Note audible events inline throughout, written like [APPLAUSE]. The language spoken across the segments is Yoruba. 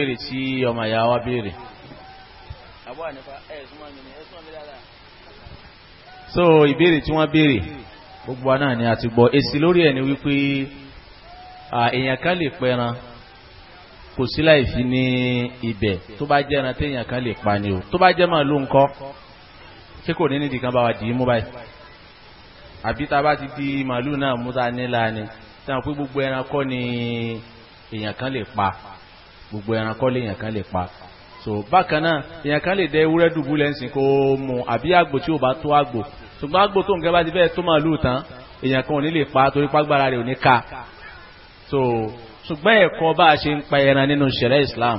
ìbéèrè tí ọmọ ìyá wa béèrè. so ìbéèrè tí wọ́n béèrè gbogbo wa náà ni a ti gbọ́ èsì lórí ẹ̀ ni wípé èèyàn kan lè pẹran kò sí láì fi ní ibẹ̀ tó bá jẹ́ ẹran téèyàn kan lè pa ni o tó bá jẹ́ màálù ńkọ́ ṣé kò ní nídìí kan bá wa dì í mú báyìí àbí tá a bá ti di màálù náà mú ta nílá ni táwọn pé gbogbo ẹran kọ́ ni èèyàn kan lè pa gbogbo ẹran kọ́ lèèyàn kan lè pa so bákan náà èèyàn kan lè dẹ ewúrẹ́ dùbúlẹ̀ ń sìn kó mu àbí àgbò tí ò bá tó àgbò ṣùgbọ́n àgbò tó nǹkan bá ti fẹ́ tó màálù tán èèyàn kan ò ní lè pa torí pàgbára rẹ̀ ò ní ka so ṣùgbọ́n ẹ̀kọ́ bá a ṣe ń pa ẹran nínú ṣẹ̀rẹ́ Islam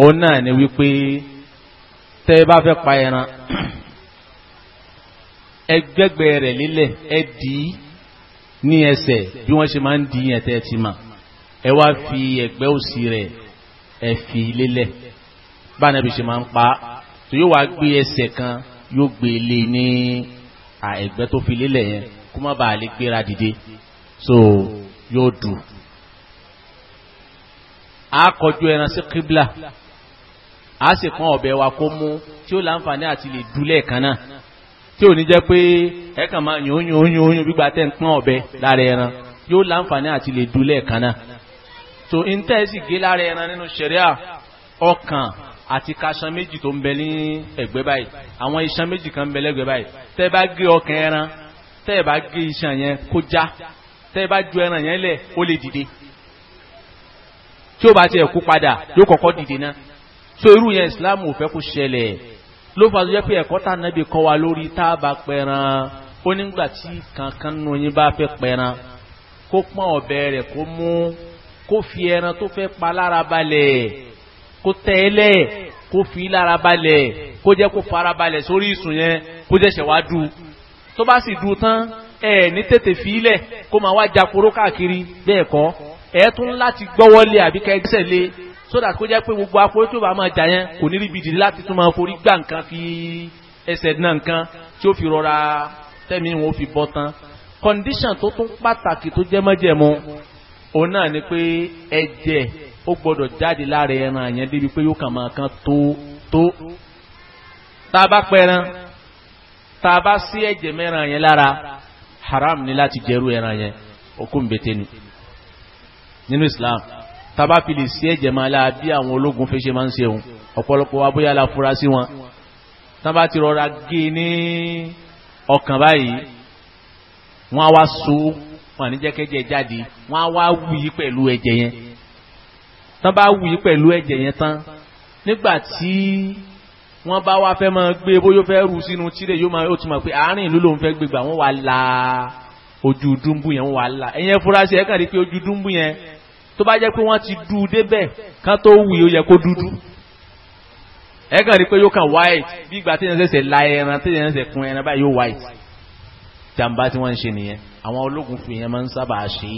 òun náà ni wípé tẹ́ ẹ bá fẹ́ pa ẹran ẹgbẹ́gbẹ́ rẹ̀ lílẹ̀ ẹ dì í ní ẹsẹ̀ bí wọ́n ṣe máa ń dì í yẹn tẹ́ ẹ ti máa ẹ wá fi ẹ̀gbẹ́ òsì rẹ̀ ẹ fi lélẹ̀ bá nàbí ṣe máa ń pa tó yóò wá gbé ẹsẹ̀ kan yóò gbé e lé e ní ẹ̀gbẹ́ tó fi lélẹ̀ yẹn kó má bàa lè gbéra dìde so yóò dùn a kọjú ẹran sí kíblà a sì kan ọ̀bẹ wa kó mú tí ó láǹfààní àti lè dúlẹ̀ kan náà tí ò ní jẹ́ pé ẹ̀kàn máa yòóyòóyòóyò gbígbà tẹ́ ń pọ́n ọ̀bẹ lára ẹran yóò láǹfààní àti lè dúlẹ̀ kan náà so n tẹ́ ẹ sì gé lára ẹran nínú ṣẹ̀ríà ọkàn àti kaṣan méjì tó ń bẹ ní ẹ̀gbẹ́ báyìí àwọn iṣan méjì kan ń bẹ lẹ́gbẹ̀ẹ́ báyìí tẹ́ ẹ bá gé ọkàn ẹran tẹ́ bá gé iṣan yẹn kó já tẹ́ bá ju ẹran yẹn lẹ̀ ó lè dìde tí ó bá tiẹ̀ kú padà yóò kọ́kọ́ dìde náà so irú yẹn Islam ò fẹ́ kó ṣẹlẹ̀ ló fà tó jẹ́ pé ẹ̀kọ́ tá nàbí kọ́ wa lórí tá a bá pẹran ó tí kankan nù yín bá fẹ́ pẹran kó pọ́n ọ̀bẹ rẹ̀ kó mú kó fi ẹran tó fẹ́ pa lára balẹ̀ kó tẹ́ẹ̀lẹ̀ kó fi lára balẹ̀ kó jẹ́ kó fara balẹ̀ sórí ìsùn yẹn kó jẹ́sẹ̀ wá dú tó bá sì dú tán ẹ ní tètè fi ilẹ̀ kó máa wá jakoro káàkiri bẹ́ẹ̀ kọ́ ẹ tún láti gbọ́wọ́lé àbí kẹgbẹ́sẹ̀ lé sódà kó jẹ́ pé gbogbo akóró tó bá máa jà yẹn kò ní rí bìdì láti tún máa forí gbà nǹkan fi ẹsẹ̀ náà nǹkan tí ó fi rọra tẹ́mi wọn ó fi bọ́ tán condition tó tún pàtàkì tó jẹ́ mọ́jẹ̀mú òun náà ni pé ẹ̀jẹ̀ ó gbọ́dọ̀ jáde lára ẹran yẹn débi pé yóò kàn máa kan tó tó tá a bá pẹran tá a bá sí ẹ̀jẹ̀ mẹ́ran yẹn lára haram ni láti jẹ́rú ẹran yẹn okùn bètè ni nínú Islam tá a bá fi lè sí ẹ̀jẹ̀ máa lára bí àwọn ológun fẹ́ máa ń ṣeun ọ̀pọ̀lọpọ̀ wa bóyá la fura sí wọn tá a bá ti rọra gé e ní ọkàn báyìí wọ́n á wá so wọn à ní jẹ́ kẹ́jẹ́ jáde wọn á wá wù yí pẹ̀lú ẹ̀jẹ̀ yẹn tán bá wù yí pẹ̀lú ẹ̀jẹ̀ yẹn tán nígbà tí wọ́n bá wá fẹ́ máa gbé bóyá fẹ́ rú sínú tílẹ̀ yóò máa ó ti mọ̀ pé àárín ìlú lòun fẹ́ gbégbà wọ́n wá la ojú dúnbù yẹn wọ́n wá la ẹ̀yẹn furasí ẹ̀ rí pé ojú dúnbù yẹn tó bá jẹ́ pé wọ́n ti dú débẹ̀ kán tó wù yóò yẹ kó dúdú ẹ̀ rí pé yóò kàn white bí ìgbà tí yẹn ṣẹ̀ṣẹ̀ la ẹran tí yẹn ṣẹ̀ṣẹ̀ kun ẹran báyìí yóò white jàǹbá tí wọ́n ń ṣe nìyẹn àwọn ológun fi yẹn máa ń sábà ṣe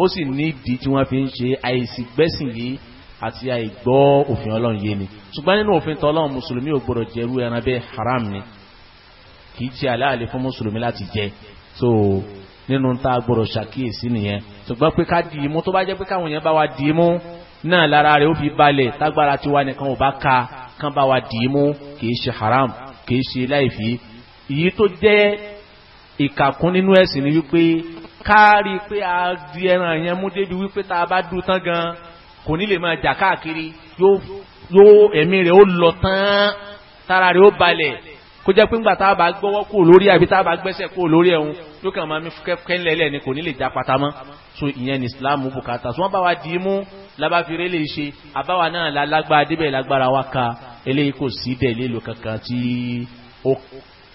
ó sì nídìí tí wọ́n fi ń ṣe àìsí gbẹ́sìn yìí àti àìgbọ́ òfin ọlọ́run yé ni ṣùgbọ́n nínú òfin tọ́lọ́run mùsùlùmí ò gbọ́dọ̀ jẹ́rú ẹran bẹ́ẹ̀ haram ni kì í ṣe aláàlè fún mùsùlùmí láti jẹ so nínú tá a gbọ́dọ̀ ṣàkíyèsí nìyẹn ṣùgbọ́n pé ká di imú tó bá jẹ́ pé káwọn yẹn bá wa di imú náà lára rẹ̀ ó fi balẹ̀ tágbára tiwa nìkan ò bá ka kán bá wa di imú kì í ṣe haram kì í ṣe láìfi èyí tó jẹ́ ìkàkún nínú ẹ̀sìn ni wípé kárí pé a di ẹran yẹn mú débi wípé tá a bá dùn tán gan kò ní lè máa jà káàkiri yóò ẹ̀mí rẹ̀ ó lọ tán tára rẹ̀ ó balẹ̀ kó jẹ́ pé ńgbà tá a bá gbọ́wọ́ kúrò lórí àbí tá a bá gbẹ́sẹ̀ kúrò lórí ẹ̀hún yóò kàn máa mi fúkẹ́fúkẹ́ ńlẹ̀lẹ̀ ni kò ní lè já pata mọ́ so ìyẹn ní Islam bùkátà so wọ́n bá wa dì í mú labáfiré lè ṣe àbáwa náà lágbára débẹ̀ lágbára wa ka eléyìí kò sí dẹ̀ lélo kankan tí ó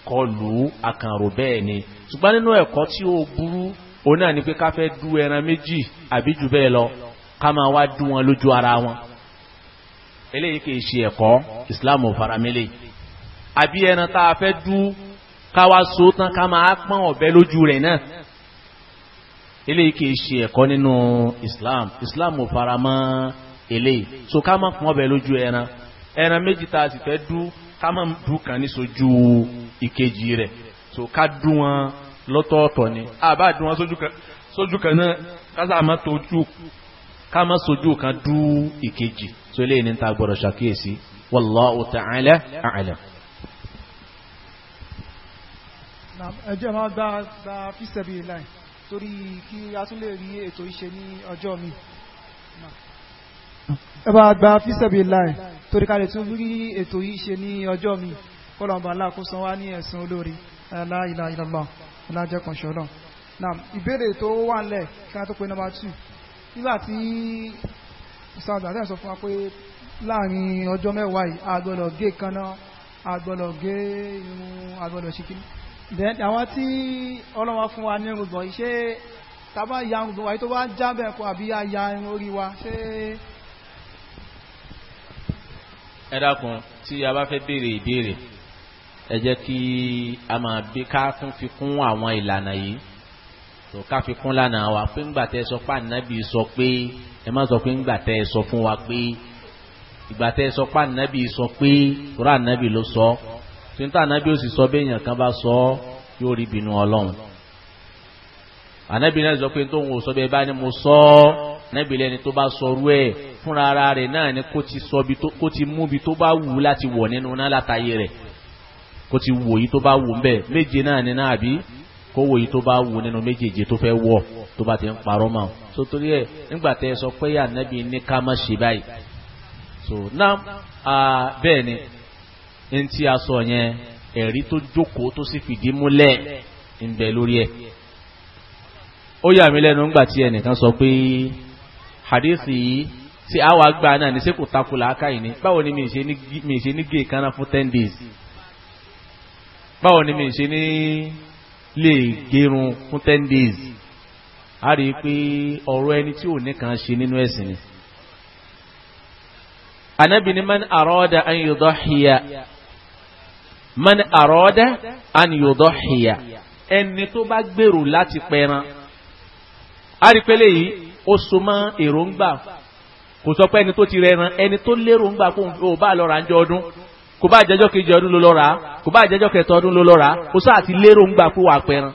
kọlù àkànrò bẹ́ẹ̀ ni ṣùgbọ́n nínú ẹ̀kọ́ tí ó burú òun náà ni pé ká fẹ́ dú ẹran méjì àbí jù bẹ́ẹ̀ lọ ká máa wá dú wọn lójú ara wọn eléyìí kì í ṣe ẹ̀kọ́ ìsìláàmù faramílẹ̀ àbí ẹran tá a fẹ́ dú káwa so tán ká máa pọ́n ọ̀bẹ lójú rẹ̀ náà eléyìí kì ṣe ẹ̀kọ́ nínú islam islam ò faramọ́ eléyìí so ká máa pọ́n ọ̀bẹ lójú ẹran ẹran méjì tá a sì fẹ́ dú ká má dùn kan ní sojú ìkejì rẹ̀ so ká dùn wọn lọ́tọ̀ọ̀tọ̀ ni àbá dùn wọn sójú kan náà kásá má tójú ká má sojú kan dùn ìkejì so eléyìí ní ta gbọ́dọ̀ ṣàkíyèsí wallahu ta'ala a'lam. ẹjẹ́ máa gba gba fi sẹ́bi láì torí kí a tún lè rí ètò ìṣe ní ọjọ́ mi ẹ bá gba fíṣẹ̀bì láì torí ká lè tún rí ètò yìí ṣe ní ọjọ́ mi kọ́lọ̀mbà aláàkóso wá ní ẹ̀sùn olórí aláìláìlọ́lọ́ alájẹ́kànṣọ́lọ́ náà ìbéèrè tó wà ńlẹ̀ kí wọ́n tó pe nọ́mbà two nígbà tí sàgbà tẹ́ sọ fún wa pé láàrin ọjọ́ then àwọn tí ọlọ́wọ́ fún wa ní irùngbọ̀n yìí ṣé tá a bá ya ẹ dákun tí a bá fẹ́ béèrè ìbéèrè ẹ jẹ́ kí a máa bí ká tún fi kún àwọn ìlànà yìí tó ká fi kún lànà wa pé ńgbà tẹ́ sọ pé ànábì sọ pé ẹ má sọ pé ńgbà tẹ́ sọ fún wa pé ìgbà tẹ́ sọ pé ànábì sọ pé rọ ànábì ló sọ tí ń tà ànábì ó sì sọ bẹ́ẹ̀ yàn kan bá sọ yóò rí bínú ọlọ́run ànábì náà sọ pé tóun ò sọ bẹ́ẹ̀ bá ní mo sọ ọ́ ànábì lẹ́ni tó bá sọ rú ẹ̀ fúnra ara rẹ̀ náà ni kó ti sọ bi tó kó ti mú bi tó bá wù láti wọ̀ nínú náà látàyè rẹ̀ kó ti wò yìí tó bá wù ńbẹ̀ méje náà ni náà àbí kó wò yìí tó bá wù nínú méjèèje tó fẹ́ wọ̀ tó bá ti ń parọ́ mọ́ so torí ẹ̀ nígbà tẹ́ ẹ sọ pé ànábì ní ká má ṣe báyìí so náà bẹ́ẹ̀ ni n tí a sọ yẹn ẹ̀rí tó jókòó tó sì fìdí múlẹ̀ ń bẹ lórí ẹ̀ ó yà mí lẹ́nu nígbà tí ẹnìkan sọ pé hadithi yìí ṣe àwa gba náà ní sẹ́kù takò làákà yìí ni báwo ni mi ṣe ní gé kaná fún ten days báwo ni mi ṣe ní lè gerun fún ten days a rí i pé ọ̀rọ̀ ẹni tí ò ní kan ṣe nínú ẹ̀sìn ni. anabi man arada an yudhiya man arada an yudhiya ẹni tó bá gbèrò láti pẹran a rí i pé léyìí ó so mọ́ èròǹgbà kò sọ pé ẹni tó ti rẹran ẹni tó lérò ń gbà kó o bá lọ ra ń jọ ọdún kò bá jẹjọ kejì ọdún ló lọ kò bá jẹjọ kẹtọ ọdún ló lọ kò sáà ti lérò ń gbà kó wà pẹran.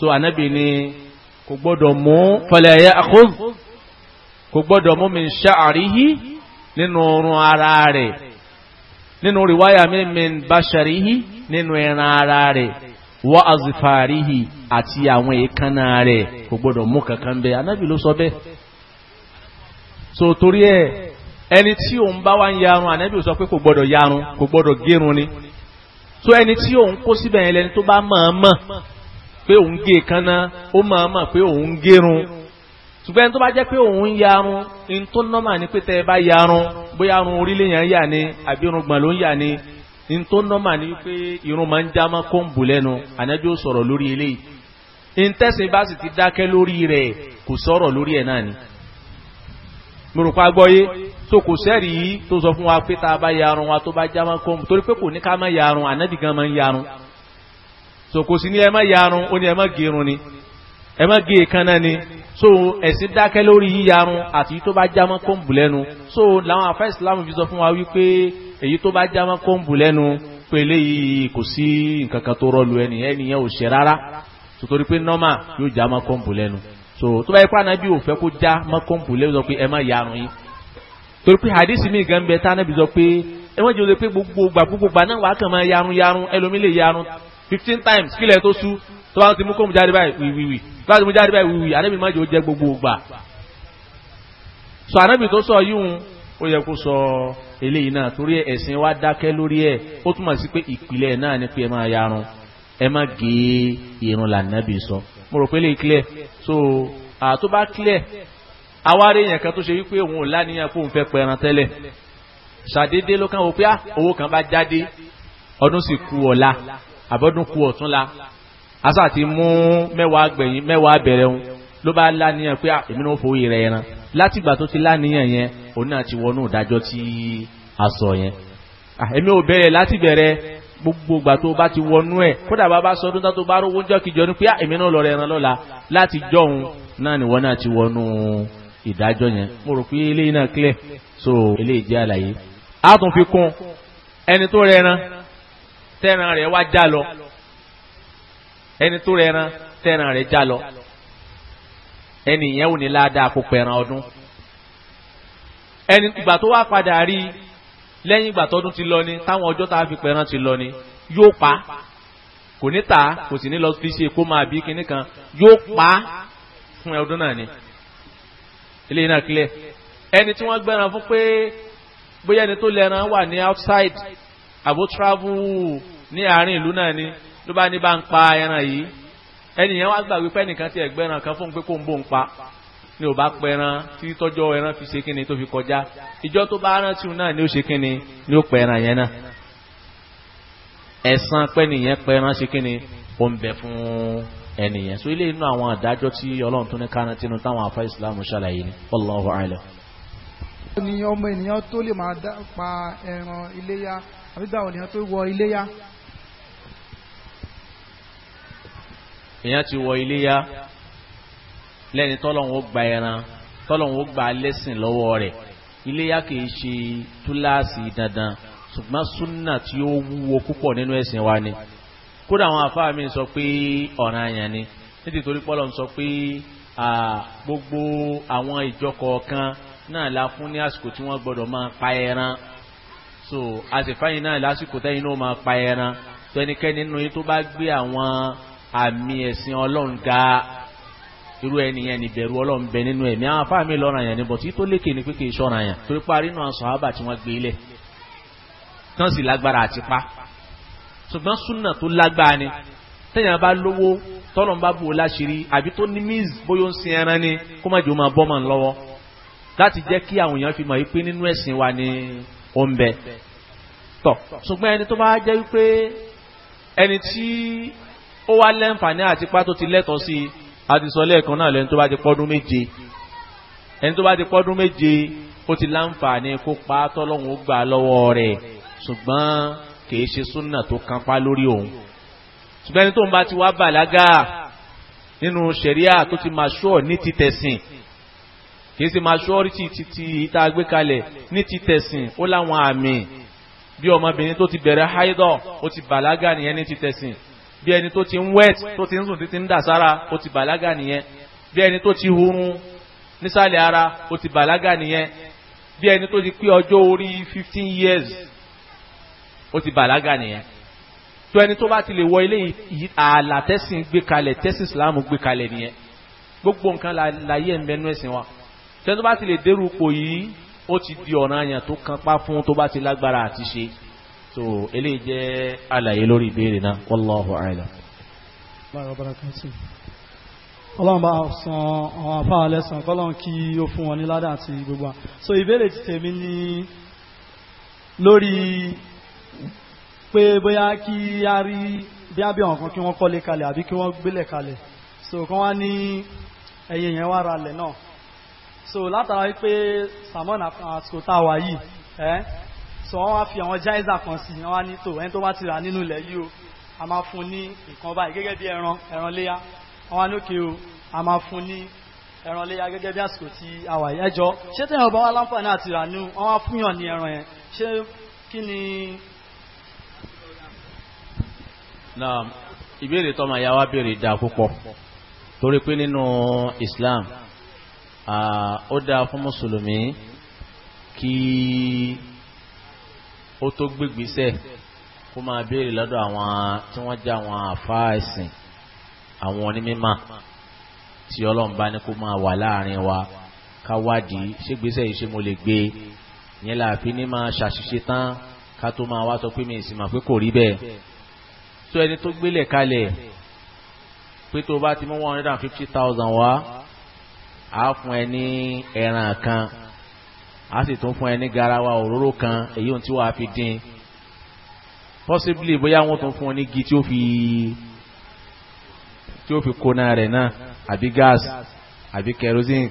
so anabi ni kò gbọ́dọ̀ mú fala ya'khudh kò gbọ́dọ̀ mú min sha'rihi nínú orun ara rẹ̀ nínú rìwáyà mi min basharihi nínú ẹran ara rẹ̀ wa azfarihi àti àwọn èékánná rẹ̀ kò gbọ́dọ̀ mú kankan bẹ́ẹ̀ anabi ló sọ bẹ́ẹ̀. so torí ẹ ẹni tí òun bá wá ń yarun ànábì ò sọ pé kò gbọdọ̀ yarun kò gbọdọ̀ gérun ni so ẹni tí òun kó síbẹ̀ yẹn lẹni tó bá mọ̀ọ́mọ̀ pé òun gé kaná ó mọ̀ọ́mọ̀ pé òun gérun ṣùgbọ́n ẹni tó bá jẹ́ pé òun yarun ní tó nọ́mà ní pé tẹ́ ẹ bá yarun bóyá arun orílẹ̀ yẹn yà ni àbí irun gbọ̀n ló ń yà ni ní tó nọ́mà ní pé irun máa ń já mọ́ kóńbù lẹ́nu ànábì ò sọ̀rọ̀ lórí eléyìí ní tẹ́sìn bá sì ti dákẹ́ lórí rẹ̀ kò sọ̀rọ̀ lórí ẹ̀ náà ni mùrùpá gbọ́yé so kò sẹ́rì yìí tó sọ fún wa pé tá a bá yarun wa tó bá já máa kọ́mù torí pé kò ní ká má yarun ànábì gan máa ń yarun so kò sí ní ẹ má yarun ó ní ẹ má gerun ni ẹ má ge èékánná ni so ẹ̀sìn dákẹ́ lórí yíyarun àti èyí tó bá já máa kọ́mù lẹ́nu so làwọn afẹ́ ìsìlámù fi sọ fún wa wípé èyí tó bá já máa kọ́mù lẹ́nu pé eléyìí kò sí nǹkan kan tó rọlù ẹnìyẹn ò ṣe rárá sotori pé nọ́mà yóò já máa kọ́mù lẹ́nu so tó bá yẹ kó anabi ò fẹ́ kó já mọ́kànpù lẹ́yìn sọ pé ẹ má yarun yín torí pé hadisi mi gan bẹ tá anabi sọ pé ẹ wọ́n jẹ́ olè pé gbogbo gbà gbogbo gbà náà wàá kàn máa yarun yarun ẹlòmí lè yarun fifteen times kílẹ̀ tó sú tó bá ti mú kóhùn jáde báyìí wíwíwí tó bá ti mú jáde báyìí wíwíwí anabi má jẹ́ ó jẹ́ gbogbo gbà so anabi tó sọ yíhun ó yẹ kó sọ eléyìí náà torí ẹ̀sìn wa dákẹ́ lórí ẹ̀ ó túmọ̀ sí pé ìpìlẹ̀ náà ni pé ẹ máa yarun ẹ má gé irun làǹdàbì sọ. So mo rò pé lè clear so àtó bá clear awárí èèyàn kan tó ṣe wípé òun ò láníyàn fóun fẹ́ pẹran tẹ́lẹ̀ ṣàdédé ló kàn wò pé ah, owó kan bá jáde ọdún sì kù ọ̀la àbọ̀dún kù ọ̀túnla asá ti mú mẹ́wàá gbẹ̀yìn mẹ́wàá bẹ̀rẹ̀ òun ló bá láníyàn pé ah, èmi náà fowó rẹ̀ ẹran látìgbà tó ti láníyàn yẹn òun náà ti wọnú ìdájọ́ tí a sọ yẹn ah, èmi ò bẹ̀rẹ̀ láti bẹ̀rẹ̀ gbogbo ìgbà tó bá ti wọnú ẹ̀ kódà bá bá sọdún tó bá rówó jọ́ kìjọ ní pé ah, èmi náà lọ rẹ̀ ẹran lọ́la láti jọ̀hún náà ni wọ́n náà ti wọnú ìdájọ́ yẹn mo rò pé eléyìí náà clear so eléyìí jẹ́ àlàyé. a tún fi kún ẹni tó rẹ̀ ẹran tẹ́ran rẹ̀ wá já lọ ẹni tó rẹ̀ ẹran tẹ́ran rẹ̀ já lọ ẹni yẹn ò ládàá kó pẹ̀ràn ọdún ẹni ìgbà tó wá padà rí i lẹ́yìn ìgbà tọdún ti lọ ni táwọn ọjọ́ tá a fi pẹran ti lọ ni yóò pa kò ní ta kò sì ní lọ fi ṣe kó máa bí kinní kan yóò pa fún ọdún náà ni eléyìí náà clear ẹni tí wọ́n gbẹ́ran fún pé bóyá ẹni tó lẹ́ran wà ní outside àbó travel ní àárín ìlú náà ni ló bá ní bá ń pa ẹran yìí ẹnìyẹn wá gbà wípé ẹnìkan ti ẹ̀gbẹ́ran kan fún un pé kó ń bò ń pa ni ò bá pẹran tí tọ́jọ́ ẹran fi ṣe kíni tó fi kọjá ìjọ tó bá rántí òun náà ni ó ṣe kíni ni ó pẹran yẹn náà ẹ̀san pẹ́ nìyẹn pẹran ṣe kíni ó ń bẹ fún ẹnìyẹn so ilé inú àwọn àdájọ́ tí ọlọ́run tó ní kánà tínú táwọn afá ìsìláàmù ṣàlàyé ni Allahu a'lam. ni ọmọ ènìyàn tó lè máa pa ẹran iléyá àbí gbàwọ̀ ènìyàn tó wọ iléyá. èèyàn ti wọ iléyá lẹ́ni tọ́lọ́hún ó gba ẹran tọ́lọ́hún ó gba lẹ́sìn lọ́wọ́ rẹ̀ iléyà kìí ṣe túláàsì dandan ṣùgbọ́n súnà tí ó wúwo púpọ̀ nínú ẹ̀sìn wa ni kódà àwọn àfáà mi sọ pé ọ̀ràn àyàn ni nítorí pọ́lọ̀ ń sọ pé gbogbo àwọn ìjọ kọ̀ọ̀kan náà la fún ní àsìkò tí wọ́n gbọ́dọ̀ máa pa ẹran so àṣìfáyìn náà lásìkò tẹ́yìn náà máa pa ẹran tẹnikẹ́ni nínú yín tó bá gbé àwọn àmì ẹ̀sìn ọlọ́run ga irú ẹni yẹn ni bẹ̀rù ọlọ́run bẹ nínú ẹ̀mí àwọn afá mi lọ́ra yẹn ni bọ̀ tí tó lékè ni pé kì í ṣọ́ra yẹn torí parí náà sàhábà tí wọ́n gbé ilẹ̀ tán sì lágbára àti pa ṣùgbọ́n súnà tó lágbára ni tẹ́yìn bá lówó tọ́lọ́n bá bò ó láṣìírí àbí tó ní míz bóyá ó ń sin ẹran ni kó má jò máa bọ́ màá lọ́wọ́ láti jẹ́ kí àwọn èèyàn fi mọ̀ wípé nínú ẹ̀sìn wa ni ó ń bẹ tọ̀ ṣùgbọ́n ẹni tó bá jẹ́ wípé ẹni tí ó wá lẹ́ǹfààní àtipá tó ti lẹ́tọ̀ọ́ sí i a ti sọ lẹ́ẹ̀kan náà lẹ́ni tó bá ti pọ́dún méje ẹni tó bá ti pọ́dún méje ó ti láǹfààní kó pa tọ́lọ́hún ó gbà lọ́wọ́ rẹ̀ ṣùgbọ́n kìí ṣe súnà tó kápá lórí òun ṣùgbọ́n ẹni tó ń bá ti wá bàlágà nínú ṣẹ̀ríà tó ti máa ṣọ́ ní ti tẹ̀sìn kìí ṣe máa ṣọ́ ti ti ti ìta gbé kalẹ̀ ní ti tẹ̀sìn ó láwọn àmì bí ọmọbìnrin tó ti bẹ̀rẹ̀ háídọ̀ ó ti bàlágà nìyẹn ní ti tẹ̀sìn bí ẹni tó ti ń wet tó ti ń sùn títí ń dà sára ó ti bàlágà nìyẹn bí ẹni tó ti hurun nísàlẹ̀ ara ó ti bàlágà nìyẹn bí ẹni tó ti pé ọjọ́ orí fifteen years ó ti bàlágà nìyẹn tó ẹni tó bá ti lè wọ ilé ààlà tẹ́sìn gbé kalẹ̀ tẹ́sìn ìsìláàmù gbé kalẹ̀ nìyẹn gbogbo nǹkan láyé ń bẹnu ẹ̀sìn wa tẹ́ni tó bá ti lè dérú ipò yìí ó ti di ọ̀ranyàn tó kan pa fún tó bá ti lágbára àti ṣe so eléyìí jẹ́ àlàyé lórí ìbéèrè náà wallahu a'lam. ọlọ́run bá san àwọn afáà lẹ́sàn kọ́lọ́run kí ó fún wọn ní ládà àti gbogbo so ìbéèrè ti tèmi ní lórí pé bóyá kí a rí bí a bí àwọn kan kí wọ́n kọ́lé kalẹ̀ àbí kí wọ́n gbélẹ̀ kalẹ̀ so kán wá ní ẹ̀yìn yẹn wá ralẹ̀ náà so látara wípé samon àsìkò tá a wà yìí ẹ́ so wọ́n wá fi àwọn jáìzà kan sí wọ́n wá ní tò ẹni tó bá ti rà nínú ilẹ̀ yìí o a máa fún ní nǹkan báyìí gẹ́gẹ́ bí ẹran ẹran léyà wọ́n wá ní o a máa fún ní ẹran léyà gẹ́gẹ́ bí àsìkò tí a wà yìí ẹjọ́ ṣé tẹ̀yàn ọba wa láǹfààní àti rà nínú wọ́n wá fúnyàn ní ẹran yẹn ṣé kí ni. naam ìbéèrè tọ́mọ ya wá béèrè dáa púpọ̀ torí pé nínú Islam ó dáa fún mùsùlùmí kí ó tó gbégbésẹ̀ kó máa béèrè lọ́dọ̀ àwọn tí wọ́n jẹ́ àwọn àfáà ẹ̀sìn àwọn onímímà tí ọlọ́run bá ní kó máa wà láàrin wa ká wádìí ṣégbésẹ̀ yìí ṣe mo lè gbé yẹn láàfin ní máa ṣàṣìṣe tán ká tó máa wá sọ pé mi ì sì mà pé kò rí bẹ́ẹ̀ tó ẹni tó gbélẹ̀ kalẹ̀ pé tó bá ti mú one hundred and fifty thousand wá àá fún ẹ ní ẹran kan a sì tún fún ẹ ní garawa òróró kan èyí ohun tí wàá fi dín possibly bóyá wọ́n tún fún ọ ní igi tí ó fi tí ó fi kóná rẹ̀ náà àbí gas àbí kerosene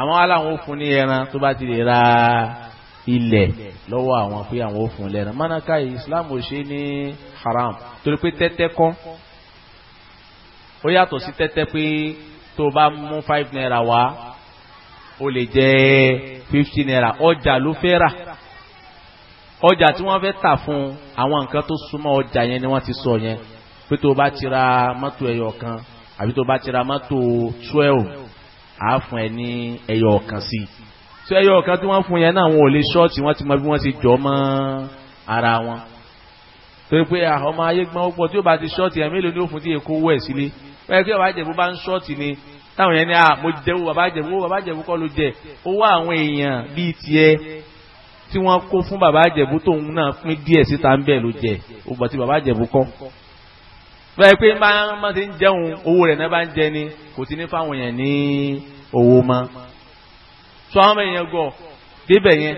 àwọn aláwọn ò fún ní ẹran tó bá ti lè ra ilẹ̀ lọ́wọ́ àwọn pé àwọn ò fún lẹ́ran mánaka Islam ò ṣe ní haram torí pé tẹ́tẹ́ kọ́ ó yàtọ̀ sí tẹ́tẹ́ pé tó bá mú five naira wá ó lè jẹ́ fifty naira ọjà ló fẹ́ rà ọjà tí wọ́n fẹ́ tà fún àwọn nǹkan tó súnmọ́ ọjà yẹn ni wọ́n ti sọ yẹn pé tó bá ti ra mọ́tò ẹyọ kan àbí tó bá ti ra mọ́tò twelve á fún ẹ ní ẹyọ kan sí i tí ẹyọ kan tí wọ́n fún yẹn náà wọn ò lè ṣọ́ọ̀tì wọ́n ti mọ bí wọ́n ti jọ mọ́ ara wọn torí pé ọmọ ayé gbọ́n ó pọ̀ tí ó bá ti ṣọ́ọ̀tì ẹ̀ mélòó ni ó fún tí èkó wẹ̀ sílé pẹ́ẹ́ kí ọ̀bá jẹ̀bú bá ń ṣọ́ọ̀tì ni táwọn yẹn ní à ah, mo jẹ owó bàbá jẹ̀bú owó bàbá jẹ̀bú kọ́ ló jẹ owó àwọn èèyàn bíi tiẹ̀ tí wọ́n kó fún bàbá jẹ̀bú tóun náà pín díẹ̀ síta ń bẹ̀ ló jẹ ògbà tí bàbá jẹ̀bú kọ́ bẹ́ẹ̀ pé máa máa ti ń jẹun owó rẹ̀ náà bá ń jẹ ni kò ti ní fáwọn èèyàn ní owó mọ́ tó àwọn èèyàn gọ̀ débẹ̀ yẹn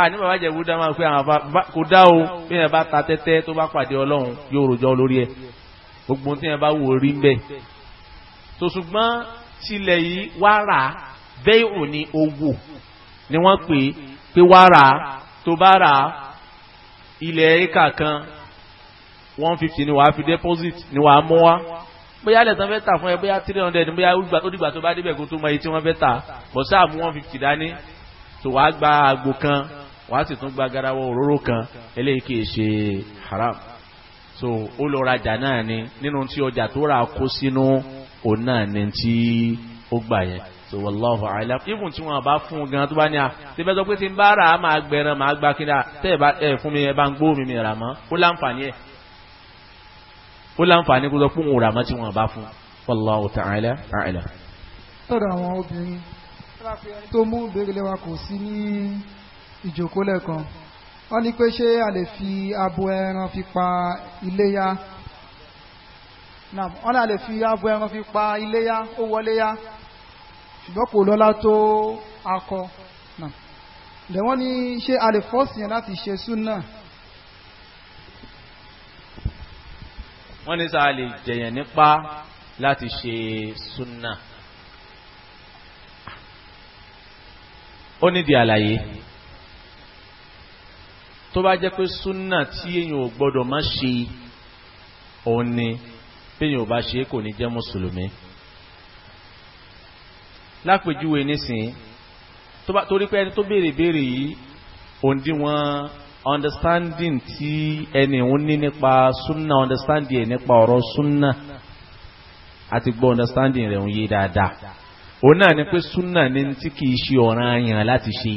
a ní bàbá jẹ̀bú dá máa pé àwọn kò dá o bí yẹn bá ta tẹ́tẹ́ tó bá pàdé ọlọ́run yóò rojọ́ lórí ẹ̀ gbogbo tí yẹn bá wò rí bẹ́ẹ̀ so ṣùgbọ́n tilẹ̀ yìí wàrà bẹ́ẹ̀rù ni owó ni wọ́n pè pé wàrà tó bá rà ilẹ̀ éka kan one fifty ni wàá fi deposit ni wàá mú wá bóyá lẹ́tàn fẹ́ tà fún ẹ bóyá three hundred bóyá ó dìgbà tó bá débẹ̀ kó tó mọ iye tí wọ́n fẹ́ tà bọ̀ sáà mú one dání tó wàá gba àgbo kan wàá sì tún gba garawa òróró kan eléyìí kì í ṣe haram so ó lọ rajà náà ni nínú tí ọjà tó rà kó sínú òun náà ni tí ó gbà yẹn so wallahu alam even tí wọn bá fún un gan tó bá ní a ṣe fẹ́ sọ pé tí n bá rà á máa gbẹran máa gba kí dáa tẹ́ ẹ fún mi ẹ bá ń gbó mi rà mọ́ ó láǹfààní ẹ̀ ó láǹfààní kó sọ pé òun rà mọ́ tí wọn bá fún wallahu ta'ala a'lam. lọ́dọ̀ àwọn obìnrin tó mú ìbéèrè lẹ́wà kò sí ní ìjókòó lẹ́ẹ̀kan wọ́n ní pé ṣé a lè fi abo ẹran fi pa iléyà naam wọn náà lè fi abo ẹran fi pa iléyá ó wọléyá ṣùgbọ́n kò lọ́lá tó akọ naam lẹ́wọ́n ní ṣé a lè fọ́ọ̀sì yẹn láti ṣe súnà. wọ́n ní sáà lè jẹ̀yàn nípa láti ṣe súnà. ó nídìí àlàyé tó bá jẹ́ pé súnà tí èèyàn ò gbọ́dọ̀ má ṣe òun ni téèyàn ò bá ṣe kò ní jẹ́ mùsùlùmí lápèjúwe nísìn torí pé ẹni tó béèrè béèrè yìí òǹdíwọ̀n understanding tí ẹni òun ní nípa súnà understanding ẹ̀ nípa ọ̀rọ̀ súnà àti gbọ́ understanding rẹ̀ òun yé dáadáa òun náà ni pé súnà ní tí kìí ṣe ọ̀ranyàn láti ṣe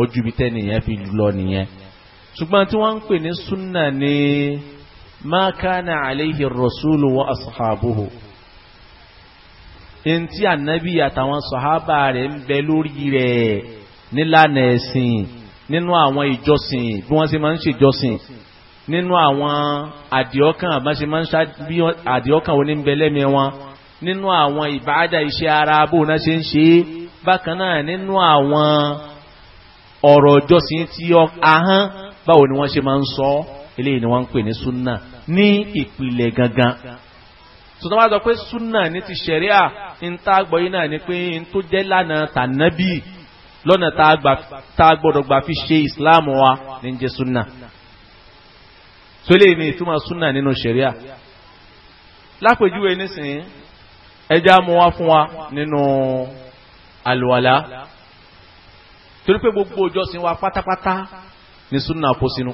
ojú ibi tẹ́nìyàn fi lọ nìyẹn ṣùgbọ́n tí wọ́n ń pè ní súnà ní ma kana alayhi rasulu wa ashabuhu in tí ànábì àtàwọn sọ̀hábà rẹ̀ ń bẹ lórí rẹ̀ nílànà ẹ̀sìn nínú àwọn ìjọsìn bí wọ́n ṣe máa ń ṣe ìjọsìn nínú àwọn àdìọ́kàn bá ṣe máa ń ṣàbí àdìọ́kàn oní ń bẹ lẹ́mìí wọn nínú àwọn ìbáàdà iṣẹ́ ara bó náà ṣe ń ṣe bákan náà nínú àwọn ọ̀rọ̀ ìjọsìn tí ahán báwo ni wọ́n ṣe máa ń sọ eléyìí ni wọ́n ń pè ní súnnà ní ìpìlẹ̀ gangan sọtọ́ bá sọ pé súnà ní ti ṣẹ̀ríà ń tá gbọ́ yín náà ni pé ń tó jẹ́ lánàá tànábì lọ́nà tá a gbọ́dọ̀ gbà fi ṣe islam wa ní jẹ́ súnà tó lè ní ìtumọ̀ súnà nínú ṣẹ̀ríà lápèjúwe nísìnyí ẹja mú wá fún wa nínú àlùwàlá torí pé gbogbo ìjọsìn wa pátápátá ní súnà kó sínú.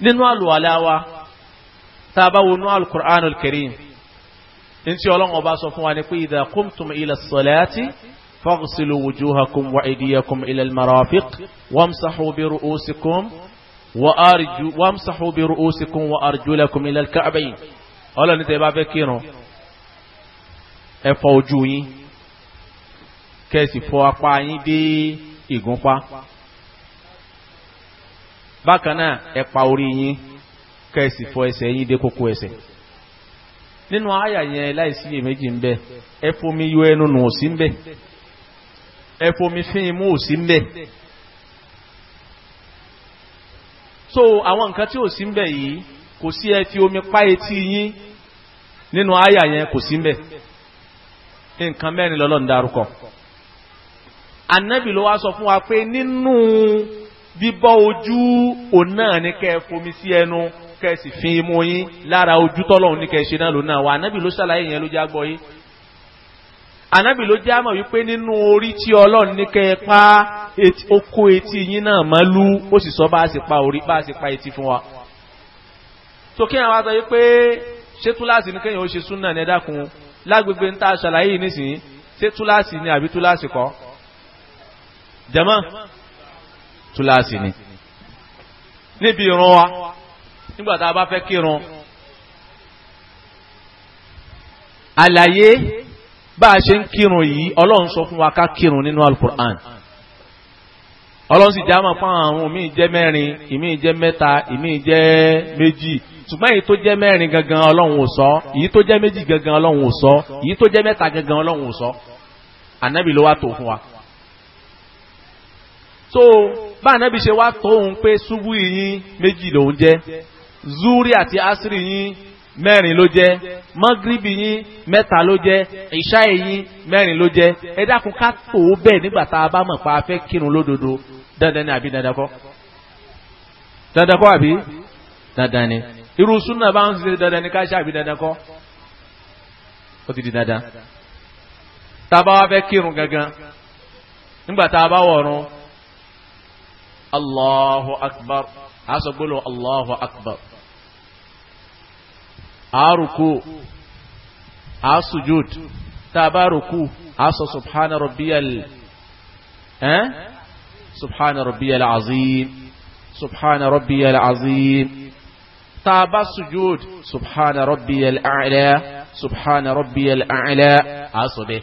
nínú àlùwàlá wa tá a bá wo nú alukur'anul karim ntí ọlọ́run ọba sọ fún wa ni pé idha qumtum ila salati faghsilu wujuhakum wa aydiyakum ila al-marafiq wamsahu bi ru'usikum wa arju wamsahu bi ru'usikum wa arjulakum ila al-ka'bayn ọlọ́run tẹ́ bá fẹ́ kírun ẹ fọ ojú yín kẹ́sì fọ apá yín dé ìgúnpá. bákan náà ẹ pa orí yín kẹ́sì fọ ẹsẹ̀ yín dé kókó ẹsẹ̀ nínú àyà yẹn láìsí iyèméjì ń bẹ ẹ fomi yọ ẹnu nù ò sí ń bẹ ẹ fomi fín imú ń bẹ so àwọn nǹkan tí ò sí ń bẹ yìí kò sí ẹ fi omi pa etí yín nínú àyà yẹn kò sí ń bẹ nǹkan mẹ́rin lọ́lọ́ ń darúkọ ànábì sọ fún wa pé nínú. bíbọ́ ojú òun náà ní kẹ́ ẹ fomi sí ẹnu kẹ́ ẹ sì fi imú yín lára ojú tọ́lọ́run ní kẹ́ ẹ ṣe náà lò náà wà ànábì ló ṣàlàyé yẹn ló já gbọ́ yín ànábì ló já mọ̀ wípé nínú orí tí ọlọ́run ní kẹ́ ẹ pa ó etí yín náà mọ́ lú ó sì sọ bá a sì pa orí bá a sì pa etí fún wa. tó kí àwọn àtọ́ yìí pé ṣé túláàsì ní kéèyàn ó ṣe súnà ní ẹ̀dákun lágbègbè ń tá ṣàlàyé yìí nísìnyí ṣé túláàsì ni àbí túláàsì kọ́ jẹ́mọ́ túláàsì ni níbi ìran wa nígbà tá a bá fẹ́ kírun àlàyé bá a ṣe ń kírun yìí ọlọ́run sọ fún wa ká kírun nínú alukur'an ọlọ́run sì já máa fún àwọn ìmí jẹ́ mẹ́rin ìmí jẹ́ mẹ́ta ìmí jẹ́ méjì ṣùgbọ́n èyí tó jẹ́ mẹ́rin gangan ọlọ́run ò sọ èyí tó jẹ́ méjì gangan ọlọ́run ò sọ èyí tó jẹ́ mẹ́ta gangan ọlọ́run ò sọ ànábì ló wá tó fún wa. so bá ànábì ṣe wá tóun pé ṣubú méjì lòun zuri àti asiri yi mẹ́rin ló jẹ́ mọ́gíríbì biyi mẹ́ta ló jẹ́ ìṣá yín mẹ́rin ló jẹ́ ẹ dákun ká tó bẹ́ẹ̀ nígbà tá a bá mọ̀ pa afẹ́ kírun lódodo dandan ni àbí dandan kọ́ dandan kọ́ àbí dandan ni irú súnà bá ń ṣe dandan ni ká ṣe àbí dandan kọ́ ó ti di dandan Allahu akbar a sọ gbólóhùn Allahu akbar a rùkú a sujud ta bá rùkú a sọ subhana rabbiyal eh subhana rabbiyal azim subhana rabbiyal azim ta bá sujud subhana rabbiyal a'la subhana a sọ bẹ́ẹ̀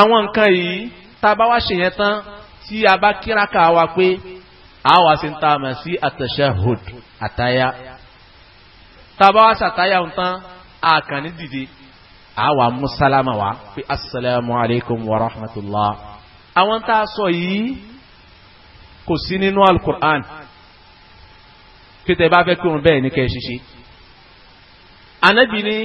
àwọn nǹkan yìí tá a bá wá ṣe yẹn tán tí a bá kíraka wa pé a wá sí ta mà sí at-tashahhud àtayá tá a wá ṣàtayá òun tán a kàn ní dìde a wá mú sálámà wá pé asalaamu alaykum wa rahmatulah àwọn tá a sọ yìí kò sí nínú alukur'an pété bá fẹ́ kí òun bẹ́ẹ̀ ní kẹ́ ṣiṣẹ́ anabi ni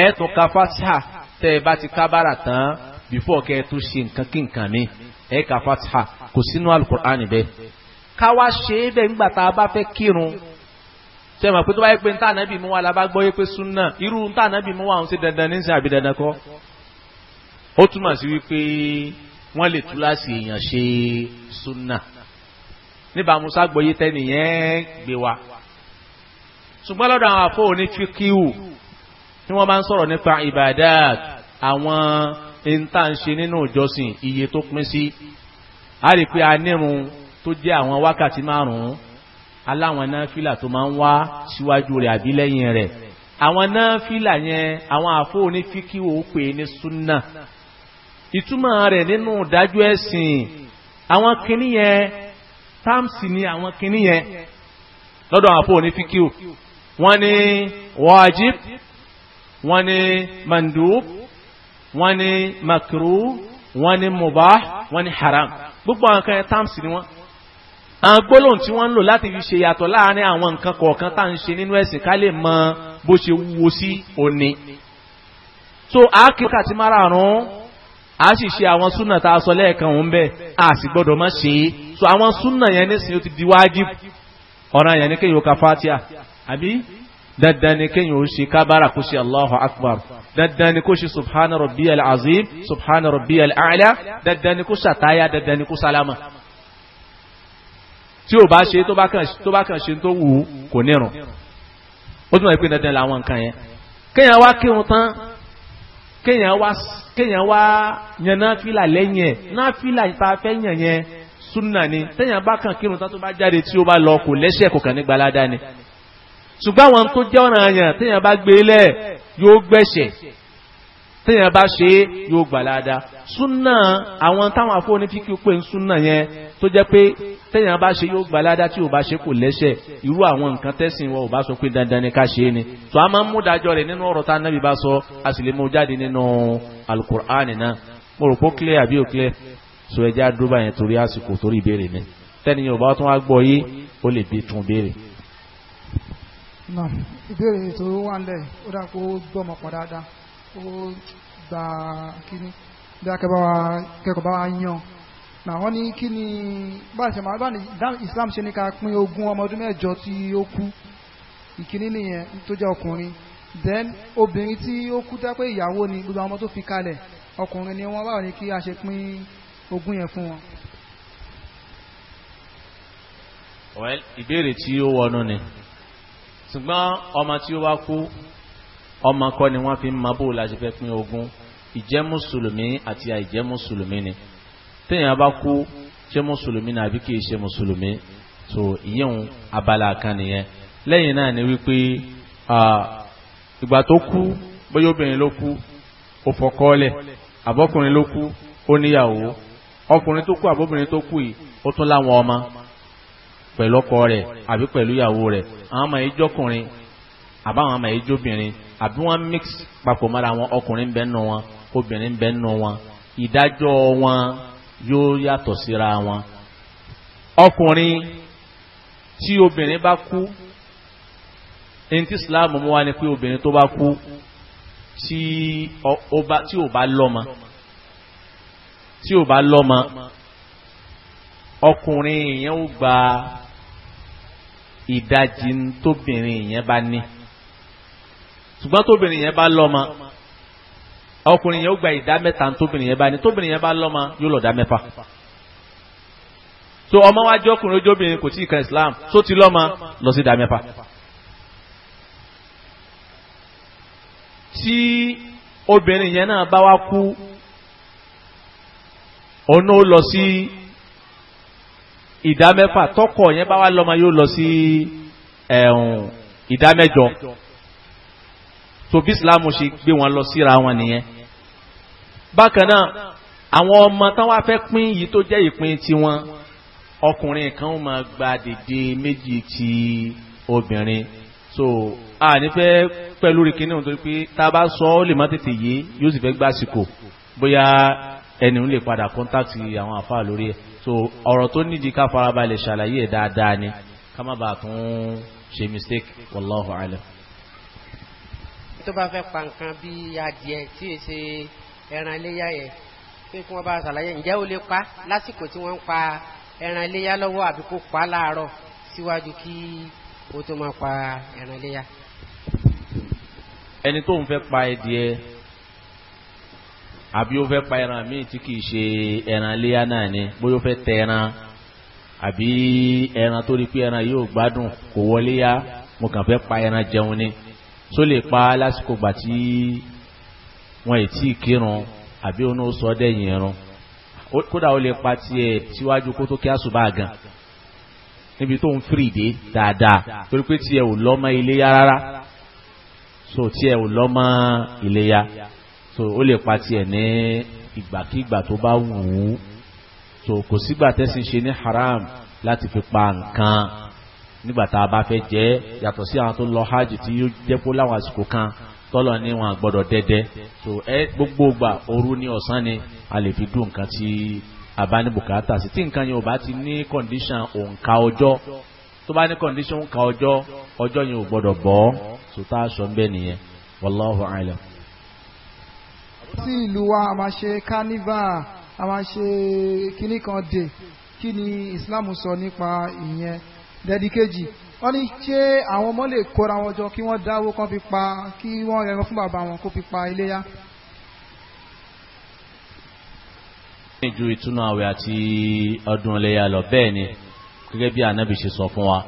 ẹ̀ẹ́tùn ka fatiha tẹ́ ẹ bá ti kábàrà tán before kẹ́ tó ṣe nǹkan kí nǹkan mi ẹ kà fatiha kò sínú alukur'ani bẹ́ẹ̀ ká wá ṣe é bẹ́ẹ̀ nígbà tá a bá fẹ́ kírun ṣe mọ̀ pé tó bá yẹ pé nta ànábì mú wa la bá gbọ́ yẹ pé sunna irú nta ànábì mú wa ń ṣe dandan ní sẹ́ àbí dandan kọ́ ó túmọ̀ sí wípé wọ́n lè tú láti èèyàn ṣe sunna níbàámu ságbóyé tẹ́nìyẹn gbé wa ṣùgbọ́n lọ́dọ̀ àwọn àfọ́ òní fíkíwù tí wọ́n bá ń sọ̀rọ̀ nípa ìbàdà àwọn ń tà ń ṣe nínú ìjọsìn iye tó pín sí a rí pé a nírun tó jẹ́ àwọn wákàtí márùn-ún aláwọn náfìlà tó máa ń wá síwájú rẹ̀ àbí lẹ́yìn rẹ̀ àwọn náfìlà yẹn àwọn àfó onífíkíwò pè ní súnà ìtumọ̀ rẹ̀ nínú ìdájú ẹ̀sìn àwọn kìíní yẹn táàmsì ni àwọn kìíní yẹn lọ́dọ̀ àwọn àfó onífíkíwò wọ́n ní wajib wọ́n ní mandub wọ́n ní makru wọ́n ní mubah wọ́n ní haram gbogbo àwọn kan yẹn terms ni wọ́n àwọn gbólóhùn tí wọ́n ń lò láti fi ṣe yàtọ̀ láàrin àwọn nǹkan kọ̀ọ̀kan tá à ń ṣe nínú ẹ̀sìn ká lè mọ bó ṣe wúwo sí òní so àákè wákàtí márààrún a sì ṣe àwọn súnà tá a sọ lẹ́ẹ̀kan òun bẹ́ẹ̀ a sì gbọ́dọ̀ má ṣe é so àwọn súnà yẹn nísìnyí ó ti di wájib ọ̀ràn yẹn ní kéèyàn ka fatia àbí dandan ni kéyìn ó ṣe kábára kó ṣe Allahu Akbar dandan ni kó ṣe subhana rabbi al-azim subhana rabbi al-a'la dandan ni kó ṣàtáyà dandan ni kó sálámà tí ò bá ṣe tó bá kàn ṣe tó wù ú kò nírun ó túnmọ̀ pé dandan làwọn nǹkan yẹn kéyàn wá kírun tán kéyàn wá yan náfìlà lẹ́yìn ẹ̀ náfìlà tá yàn yẹn súnà ni téyàn bá kàn kírun tán tó bá jáde tí ó bá lọ kò lẹ́ṣẹ̀ kò kàn ní gbalada ni ṣùgbọ́n àwọn tó jẹ́ ọ̀nà àyàn téèyàn bá gbé lẹ̀ yóò gbẹ̀ṣẹ̀ téèyàn bá ṣe yóò gbà láadáa súnà àwọn táwọn afọ́ni fi kí o pé ń súnà yẹn tó jẹ́ pé téèyàn bá ṣe yóò gbà láadáa tí ò bá ṣe kò lẹ́ṣẹ̀ irú àwọn nǹkan tẹ́sìn wọn ò bá sọ pé dandan ni ká ṣe é ni tó a máa ń mú dájọ́ rẹ̀ nínú ọ̀rọ̀ tá nábì bá sọ a sì lè mú jáde nínú alukur'ani náà mo rò pé ó náà ìbéèrè tó wà ń lẹ̀ ó dà kó gbọ́mọ̀ pọ̀ dáadáa ó gba kíní bí akẹ́kọ̀ọ́ wa kẹ́kọ̀ọ́ bá wa yan náà wọ́n ní kí ni báyìí máa bá ní Islam ṣe ní ká pín ogún ọmọ ọdún mẹ́jọ tí ó kú ìkíní nìyẹn tó jẹ́ ọkùnrin then obìnrin tí ó kú tẹ́ pé ìyàwó ni gbogbo ọmọ tó fi kalẹ̀ ọkùnrin ni wọ́n báwo ni kí a ṣe pín ogún yẹn fún wọn. well ìbéèrè tí ó wọnú ni ṣùgbọ́n ọmọ tí ó wá kú ọmọ kọ́ ni wọ́n fi ń mọ bóòlù àti fẹ́ pín ogún ìjẹ́ mùsùlùmí àti àìjẹ́ mùsùlùmí ni téèyàn bá kú ṣé mùsùlùmí ni àbí kì í ṣe mùsùlùmí so ìyẹn abala kan nìyẹn lẹ́yìn náà ni wípé ìgbà tó kú bóyá obìnrin ló kú ó fọkọ́ọ́lẹ̀ àbọ́kùnrin ló kú ó níyàwó ọkùnrin tó kú àbóbìnrin tó kú yìí ó tún láwọn ọmọ pẹ̀lọ́kọ rẹ̀ àbí pẹ̀lú ìyàwó rẹ̀ àwọn ọmọ yìí jọkùnrin àbáwọn ọmọ yìí jóbìnrin àbí wọ́n mix papọ̀ mọ́ra wọn ọkùnrin bẹ́ẹ̀ nù wọn obìnrin bẹ́ẹ̀ nù wọn ìdájọ́ wọn yóò yàtọ̀ síra wọn. ọkùnrin tí obìnrin bá kú ní tí Islam mú wá ni pé obìnrin tó bá kú tí ò bá lọ́mọ tí ò bá lọ́mọ ọkùnrin yẹn ó gba ìdajì tóbìnrin yẹn bá ní ṣùgbọ́n tóbìnrin yẹn bá lọ́mọ ọkùnrin yẹn ó gba ìdá mẹ́ta tóbìnrin yẹn bá ní tóbìnrin yẹn bá lọ́mọ yóò lọ́ọ́ dá mẹ́fà so ọmọ wa jẹ́ ọkùnrin ojóbìnrin kò tí ì kan Islam tó ti lọ́mọ lọ sí ìdá mẹ́fà tí obìnrin yẹn náà bá wá kú ọ̀nà ó lọ sí ìdá mẹ́fà tọkọ yẹn bá wà lọ́mọ yóò lọ sí ẹ̀hún ìdá mẹ́jọ tó bí islam ṣe gbé wọn lọ síra wọn nìyẹn. bákan náà àwọn ọmọ tán wá fẹ́ pín yìí tó jẹ́ ìpín tiwọn ọkùnrin kan ó máa gba dèdè méjì ti obìnrin so a ní fẹ́ pẹ̀lú rí kíní nítorí pé tá a bá sọ ọ́ lè má tètè yé yóò sì fẹ́ gbásìkò bóyá ẹni ń lè padà kọ́ńtàkì àwọn àfáà lórí ẹ̀ so ọ̀rọ̀ tó nídìí ká farabalẹ̀ ṣàlàyé ẹ̀ dáadáa ni ká má bàa tún ṣe mistake wallahu alam. tó bá fẹ́ pa nǹkan bíi adìẹ tí è ṣe ẹran iléyà yẹn pé kí wọ́n bá ṣàlàyé ǹjẹ́ ó lè pa lásìkò tí wọ́n ń pa ẹran iléyà lọ́wọ́ àbí kó pa láàárọ̀ síwájú kí ó tó máa pa ẹran iléyà. ẹni tó ń fẹ́ pa adìẹ àbí ó fẹ́ pa ẹran míì tí kìí ṣe ẹran léyà náà ni bóyá ó fẹ́ tẹ ẹran àbí ẹran tó rí pé ẹran yóò gbádùn kò wọlé yá mo kàn fẹ́ pa ẹran jẹun ni tó lè pa lásìkò gbà tí wọn ì tí ì kírun àbí òun ó sọ dẹ́yìn ẹran kódà ó lè pa tiẹ̀ síwájú kó tó kí àṣùbà gan níbi tó ń fìrì dáadáa torí pé tiẹ̀ ò lọ́mọ iléyá rárá so tiẹ̀ ò lọ́mọ iléyá so ó lè pa tiẹ̀ ní ìgbàkígbà tó bá wù ú so kò sígbà tẹ́sí ṣe ní haram láti fi pa nǹkan nígbà tá a bá fẹ́ jẹ yàtọ̀ sí àwọn tó lọ hajj tí yóò dẹ́pọ̀ láwọn àsìkò kan tọ́lọ̀ ní wọn àgbọ́dọ̀ dẹ́dẹ́ so ẹ gbogbo gbà òru ní ọ̀sán ni a lè fi dùn nǹkan tí a bá ní bùkátà sí tí nǹkan yẹn ò bá ti ní kọ̀ǹdíṣàn òǹkà ọjọ́ tó bá ní kọ̀ǹdíṣàn òǹkà ọjọ́ ọjọ́ yẹn ò gbọ́dọ̀ bọ́ so tá a sọ ń bẹ́ nìyẹn wallahu a'lam sí ìlú wa a máa ṣe carnival a máa ṣe kinní kan dè kí ni Islam sọ nípa ìyẹn dẹ́díkejì wọ́n ní ṣé àwọn ọmọ lè kóra wọn jọ kí wọ́n dáwó kan fi pa kí wọ́n rẹran fún bàbá wọn kó fi pa iléyá. ju ìtúnu àwẹ̀ àti ọdún iléyá lọ bẹ́ẹ̀ ni gẹ́gẹ́ bí ànábì ṣe sọ fún wa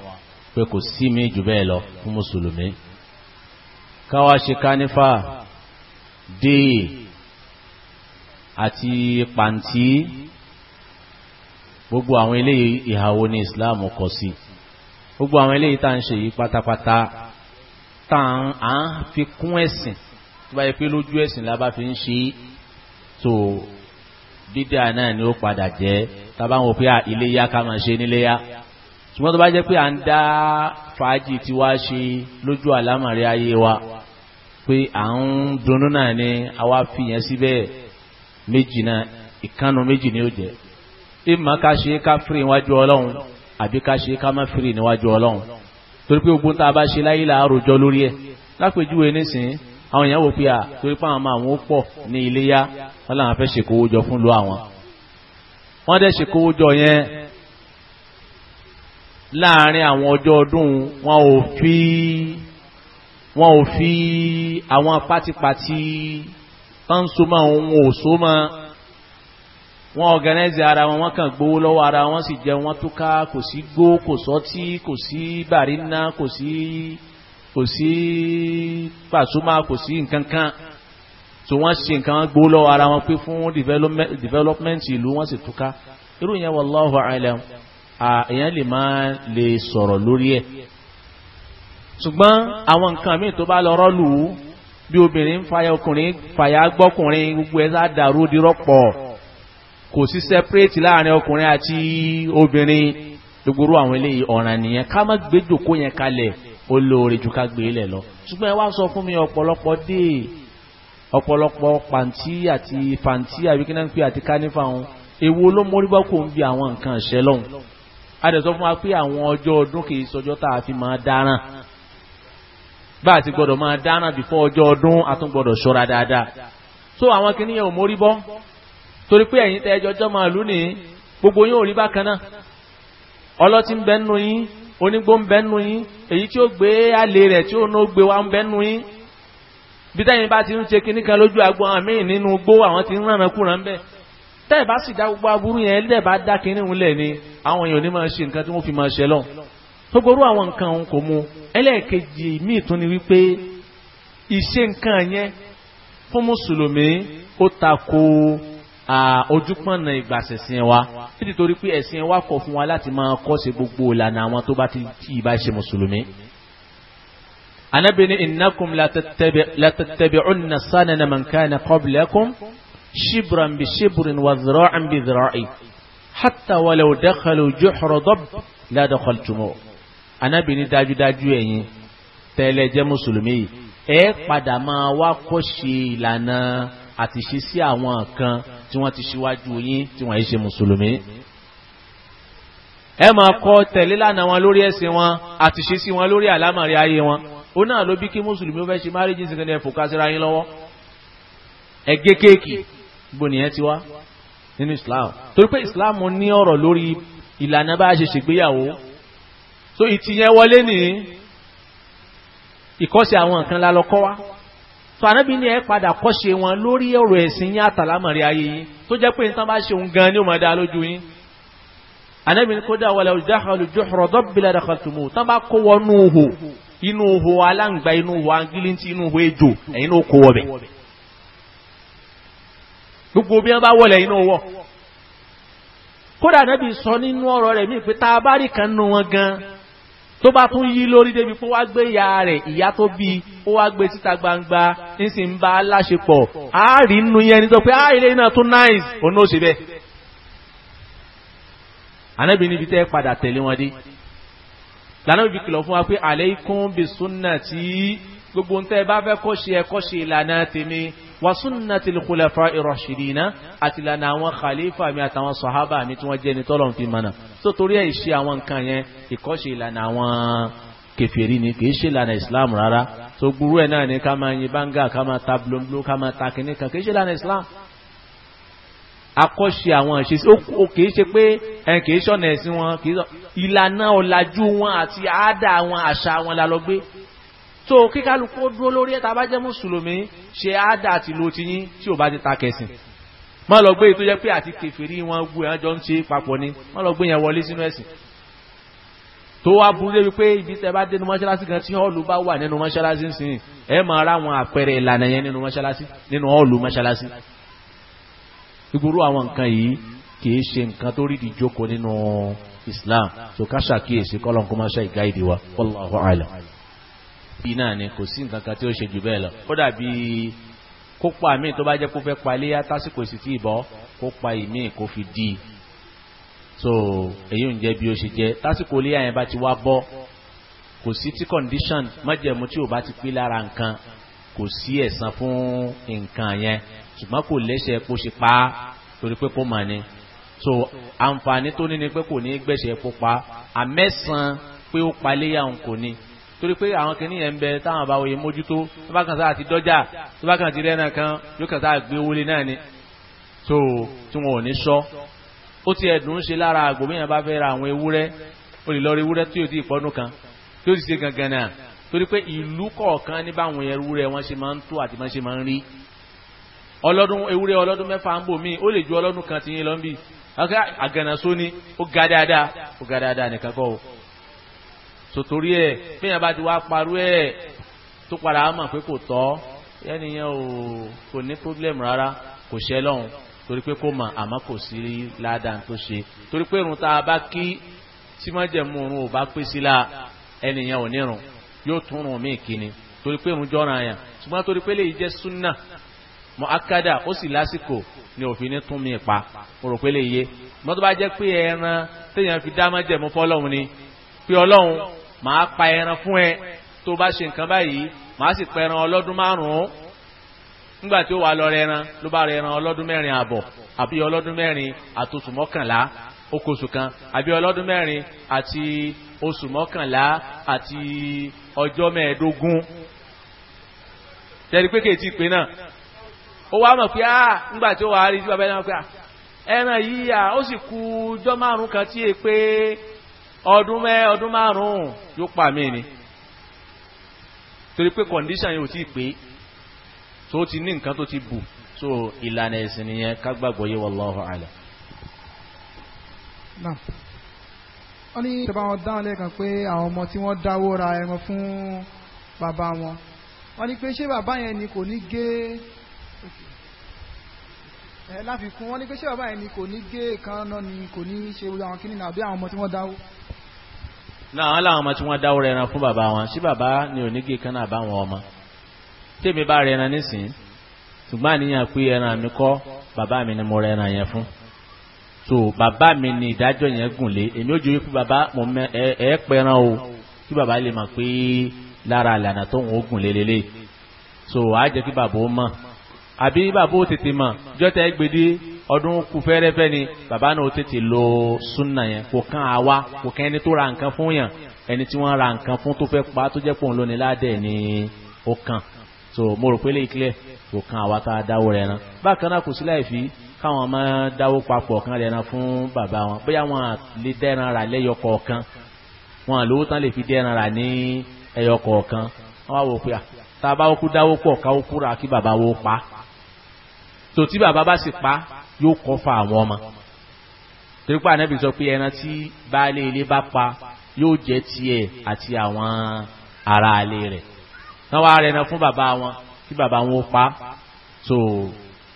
pé kò sí mi jù bẹ́ẹ̀ lọ fún mùsùlùmí káwa ṣe kánífà díì àti pàǹtí gbogbo àwọn eléyìí ìhàwó ní Islam kọ sí gbogbo àwọn eléyìí tá à ń ṣe yìí pátápátá tá à ń fi kún ẹ̀sìn tó bá yẹ pé lójú ẹ̀sìn la bá fi ń ṣe tó bídíà náà ni ó padà jẹ́ tábà wọn pé iléyà ká máa ṣe níléyà ṣùgbọ́n tó bá jẹ́ pé à ń dá fàájì tí wá ṣe lójú àlámọ̀rí ayé wa pé à ń dunnú náà ni àwa fi yẹn síbẹ̀ méjì náà ìkànnù méjì ni ó jẹ́ ìmọ̀ ká ṣe ká firi níwájú ọlọ́run àbí ká ṣe ká má firi níwájú ọlọ́run torí pé ogun tá a bá ṣe láyé làárọ̀jọ́ lórí ẹ̀ lápèjúwe nísìnyí àwọn èèyàn wò pé à torí pé àwọn máa wọn pọ̀ ní iléyá wọn làwọn fẹ́ ṣèkówó jọ fún lo àwọn wọ́n dẹ̀ ṣèkówó jọ yẹn láàárín àwọn ọjọ́ ọdún wọn ò fi wọn ò fi àwọn pátípátí tán so máa òun ò so máa wọ́n ọ̀gánẹ́sì ara wọn wọ́n kàn gbowó lọ́wọ́ ara wọn sì jẹun wọ́n túká kò sí gbó kò sọtí kò sí bàrínà kò sí kò sí pàṣọmá kò sí nǹkan kan so ṣe nǹkan gbowó lọ́wọ́ ara wọn pé fún development ìlú wọ́n sì túká irú yẹn wallahu a'lam èèyàn lè máa lè sọ̀rọ̀ lórí ẹ̀ ṣùgbọ́n àwọn nǹkan míì tó bá lọ rọ́lù bí obìnrin ń fàyà ọkùnrin fàyà gbọ́kùnrin gbogbo ẹ̀ sá dàrú dirọ́pọ̀ kò sí sẹ́pẹ́rẹ́tì láàrin ọkùnrin àti obìnrin gbogbo àwọn eléyìí ọ̀ràn nìyẹn ká má gbé jòkó yẹn kalẹ̀ ó lóore ju ká gbé lẹ̀ lọ ṣùgbọ́n ẹ wá sọ fún mi ọ̀pọ̀lọpọ̀ dé ọ̀pọ̀lọpọ̀ pàǹtí àti fàǹtí àbíkínàpé àti kánífà wọn èwo ló mórígbọ́ kò ń bi àwọn nǹkan ìṣẹ́ a dẹ̀ sọ fún wa pé àwọn ọjọ́ ọdún kì í sọjọ́ tá a fi máa dáràn bá a ti gbọ́dọ̀ máa dáná before ọjọ́ ọdún a tún ṣọ́ra dáadáa so àwọn kìnìyàn ò mórí bọ́ torí pé ẹ̀yin tẹ́jọ́ jọ́ máa lù ní gbogbo yín ò rí bákan náà ọlọ́tí ń bẹ nínú yín onígbó ń bẹ nínú yín èyí tí ó gbé àlè rẹ̀ tí ó ná gbé wa ń bẹ nínú yín bí tẹ́yìn bá ti ń ṣe kinní kan lójú agbo àwọn míì nínú gbó àwọn ti ń rànà kúràn bẹ́ẹ̀ tẹ́ẹ̀ bá sì dá gbogbo ni àwọn èèyàn ní máa ṣe nǹkan tí wọ́n fi máa ẹlẹ́ẹ̀kejì míì tún ni wípé ìṣe nǹkan yẹn fún mùsùlùmí ó tako ojúpọ̀nà ìgbàsẹ̀sìn wa títí torí pé ẹ̀sìn wa kọ̀ fún wa láti máa kọ́ṣe gbogbo ìlànà àwọn tó bá ti tí ìbá ṣe mùsùlùmí. anábìnrin innakum latattabi'unna sanana man kana qablakum shibran bi shibrin wa zira'an bi zira'i hatta walau dakhalu juhra dab la anábì ní dájúdájú ẹ̀yin tẹ́lẹ̀ jẹ́ mùsùlùmí yìí ẹ padà máa wá kọ́ṣe ìlànà àti ṣe sí àwọn kan tí wọ́n ti ṣíwájú yín tí wọ́n yìí ṣe mùsùlùmí ẹ máa kọ́ tẹ̀lé lánàá wọn lórí ẹ̀sìn wọn àti ṣe sí wọn lórí àlámàrí ayé wọn ó náà ló bí kí mùsùlùmí ó fẹ́ ṣe máríjì sí kẹ́ni ẹ fòkà síra yín lọ́wọ́ ẹ kéèkì bó nìyẹn ti wá nínú Islam torí pé Islam ní ọ̀rọ̀ lórí ìlànà bá a ṣe ṣègbéyàwó so ìtì yẹn wọlé ní ìkọ́sẹ̀ àwọn nǹkan lálọ́kọ́ wá so ànábì ní ẹ padà kọ́ṣe wọn lórí ọ̀rọ̀ ẹ̀sìn yín àtàlámọ̀rí ayé yín tó jẹ́ pé nǹkan bá ṣe òun gan ni ó máa dá lójú yín ànábì ní kódà wọlé òjìdáhàlù jòhùrọ̀ dọ́bìlà dàkàtùmù tán bá kó wọnú ihò inú ihò aláǹgbá inú ihò angilintí inú ihò ejò ẹ̀yin ló kó wọbẹ̀ gbogbo bí wọ́n bá wọlé inú wọ̀ kódà ànábì sọ nínú ọ̀rọ̀ rẹ̀ mí pé tá a bá rí kan nù wọn gan tó bá tún yí lórí débi fún wá gbé ìyá rẹ̀ ìyá tó bí ó wá gbé síta gbangba ń sì ń bá láṣepọ̀ àárí nínú yẹn ní sọ pé á ah, ilé tún náìs òun ó ṣe bẹ́ẹ̀. ànábì níbi tẹ́ padà tẹ̀lé wọn dé lànà ibi kìlọ̀ fún wa pé alaykum bi sunnati gbogbo ń tẹ́ bá fẹ́ kọ́ ṣe ẹ̀kọ́ ṣe ìlànà tèmi wa sunnatil khulafa'ir rashidina àti lànà àwọn khalifa mi àtàwọn sahaba mi tí wọ́n jẹ́ ni tọ́lọ̀ fi mọ̀nà tó torí ẹ̀ ṣe àwọn nǹkan yẹn ìkọ́ṣe ìlànà àwọn kèfèrí ni kì í ṣe ìlànà islam rárá tó gbúrú ẹ̀ náà ni ká máa yin báńgà ká máa ta blombló ká máa ta kìnnì kan kì ṣe ìlànà islam akọ́ṣe àwọn ìṣesí ó kì ṣe pé ẹ̀ kì ṣọ̀nà ẹ̀sìn wọn kì í ìlànà ọ̀làjú wọn àti àádà wọn àṣà wọn la lọ gbé so kíkálukú ó dúró lórí ẹ̀ta bá jẹ́ mùsùlùmí ṣe áádà àti lo ti yín tí ò bá ti ta kẹsìn má lọ gbé ètò jẹ́ pé àti kèfèrí wọn gbé ẹjọ́ ń ṣe papọ̀ ni má lọ gbé yẹn wọlé sínú ẹ̀sìn tó wá burú débi pé ibi tẹ bá dénú mọ́ṣáláṣí kan tí họ́ọ̀lù bá wà nínú mọ́ṣáláṣí ń sìn ẹ máa ra àwọn àpẹẹrẹ ìlànà yẹn nínú mọ́ṣáláṣí nínú họ́ọ̀lù mọ́ṣáláṣí ìgboro àwọn nǹkan yìí kìí ṣe nǹkan tó rí di jókòó nínú Islam so ká ṣàkíyèsí kọ́lọ́nkọ́mọṣẹ́ ìgá ìdíwá wallahu a'lam bíi náà ni kò sí nǹkan kan tí ó ṣe jù bẹ́ẹ̀ lọ ó dàbí kópa míì tó bá jẹ́ kó fẹ́ pa iléyà tásìkò sì ti ìbọ́ kópa ìmíì kó fi di so èyí ń jẹ́ bí ó ṣe jẹ́ tásìkò iléyà yẹn bá ti wá bọ́ kò sí tí condition májẹ̀mú tí ò bá ti pé lára nǹkan kò sí ẹ̀san fún nǹkan yẹn ṣùgbọ́n kò lẹ́sẹ̀ kó ṣe pa á torí pé kó mà ní so àǹfààní tó ní ni pé kò ní gbẹ̀ṣẹ̀ kó pa á àmẹ́sàn pé ó pa iléyà òun kò ní torí pé àwọn kìíní yẹn ń bẹ táwọn àbáwò yẹn mójútó tó bá kàn sáà ti dọ́jà tó bá kàn ti rẹ́nà kan yóò kàn sáà gbé wọlé náà ni tó tí wọn ò ní sọ ó ti ẹ̀dùn ń ṣe lára àgbò bí yẹn bá fẹ́ ra àwọn ewúrẹ́ o lè lọ rí ewúrẹ́ tí yóò ti ìpọ́nú kan tí yóò ti ṣe gangan náà torí pé ìlú kọ̀ọ̀kan ní báwọn ewúrẹ́ wọn ṣe máa ń tó àti máa ṣe máa ń rí sòtòrí ẹ̀ fẹ́yìn bá ti wá parú ẹ̀ tó padà mọ̀ pé kò tọ́ ẹnìyẹn ò kò ní problem rárá kò ṣẹ́ lọ́hùn torí pé kò mọ̀ àmọ́ kò sí ládàá tó ṣe torí pé irun tá a bá kí tí wọ́n jẹ̀mú irun ò bá pé sí la ẹnìyẹn ò nírun yóò tún irun míì kíni torí pé irun jọra yàn ṣùgbọ́n torí pé lè jẹ́ súnà mọ akada ó sì lásìkò ni òfin ní tún mi pa mo rò pé lè yé mọ́tò bá jẹ́ pé ẹran téèyàn fi dá májẹ̀mú fọ́lọ́hún ni pé ọlọ́hun màá pa ẹran fún ẹ tó bá ṣe nǹkan báyìí màá sì pẹran ọlọ́dún márùn-ún nígbà tí ó wà lọ rẹran ló bá rẹran ọlọ́dún mẹ́rin àbọ̀ àbí ọlọ́dún mẹ́rin àtòsù mọ́kànlá okòsù kan àbí ọlọ́dún mẹ́rin àti oṣù mọ́kànlá àti ọjọ́ mẹ́ẹ̀ẹ́dógún tẹ́lí pé kèétí pé náà ó wá mọ̀ pé á nígbà tí ó wà á rí sí bàbá ẹ̀ràn pé ẹ̀ràn yìí ó sì kù ọjọ́ márùn-ún kan tí è pé ọdún mẹ́ ọdún márùn-ún yóò pa mí ni torí pé condition yóò ti pé tó ti ní nǹkan tó ti bù so ìlànà ẹ̀sìn nìyẹn ká gbàgbọ́ yé wallahu ala. náà wọ́n ní ìjọba wọn dáhùn lẹ́ẹ̀kan pé àwọn ọmọ tí wọ́n dáwó ra ẹran fún bàbá wọn wọ́n ní pé ṣé bàbá yẹn ni kò ní gé ẹ láfikún wọ́n ní pé ṣé bàbá yẹn ni kò ní gé ìkànnà ni kò ní ṣe àwọn kìnìún àbí àwọn ọmọ tí wọ́n dáwó. náà àwọn làwọn ọmọ tí wọ́n dáwọ́ ẹran fún bàbá wọn sí bàbá ni onígè kan náà bá wọn ọmọ tèmi bá rẹran nísìn ṣùgbọ́n àníyàn pé ẹran mi kọ́ bàbá mi ni mo rẹran yẹn fún so bàbá mi ni ìdájọ́ yẹn gùn lé èmi ò jẹ́ wípé bàbá mo mẹ ẹ ẹ pẹran o kí bàbá lè mọ̀ pé lára àlànà tó ń gùn lélẹ́lẹ́ so àá jẹ́ kí bàbá ó mọ̀ àbí bàbá ó tètè mọ̀ jọ́tẹ̀ gbèdé ọdún kù fẹ́rẹ́fẹ́ ni bàbá náà ó tètè lo súnà yẹn kò kàn á wá kò kàn ẹni tó ra nǹkan fún yàn ẹni tí wọ́n ra nǹkan fún tó fẹ́ pa tó jẹ́ pòun lónìí ládẹ̀ ni ó kàn so mo rò pé lè kílẹ̀ kò kàn á wá tá a dáwó rẹ̀ ná bákan náà kò sí láì fi káwọn máa dáwó papọ̀ kan rẹ̀ ná fún bàbá wọn bóyá wọn lè dẹ́ran rà lẹ́yọ kọ̀ọ̀kan wọn lówó tán lè fi dẹ́ran rà ní ẹyọ kọ̀ọ̀kan wọn wá wò pé tá a bá wọ́n dáwó pọ̀ káwó kúrò àkí bàbá wọ́n so tí bàbá bá sì pa yóò kọ́ fa àwọn ọmọ torípa anábì sọ pé ẹran tí baálé ilé bá pa yóò jẹ́ tiẹ̀ àti àwọn ará ilé rẹ̀ náà wàá rẹran fún bàbá wọn kí bàbá wọn ó pa so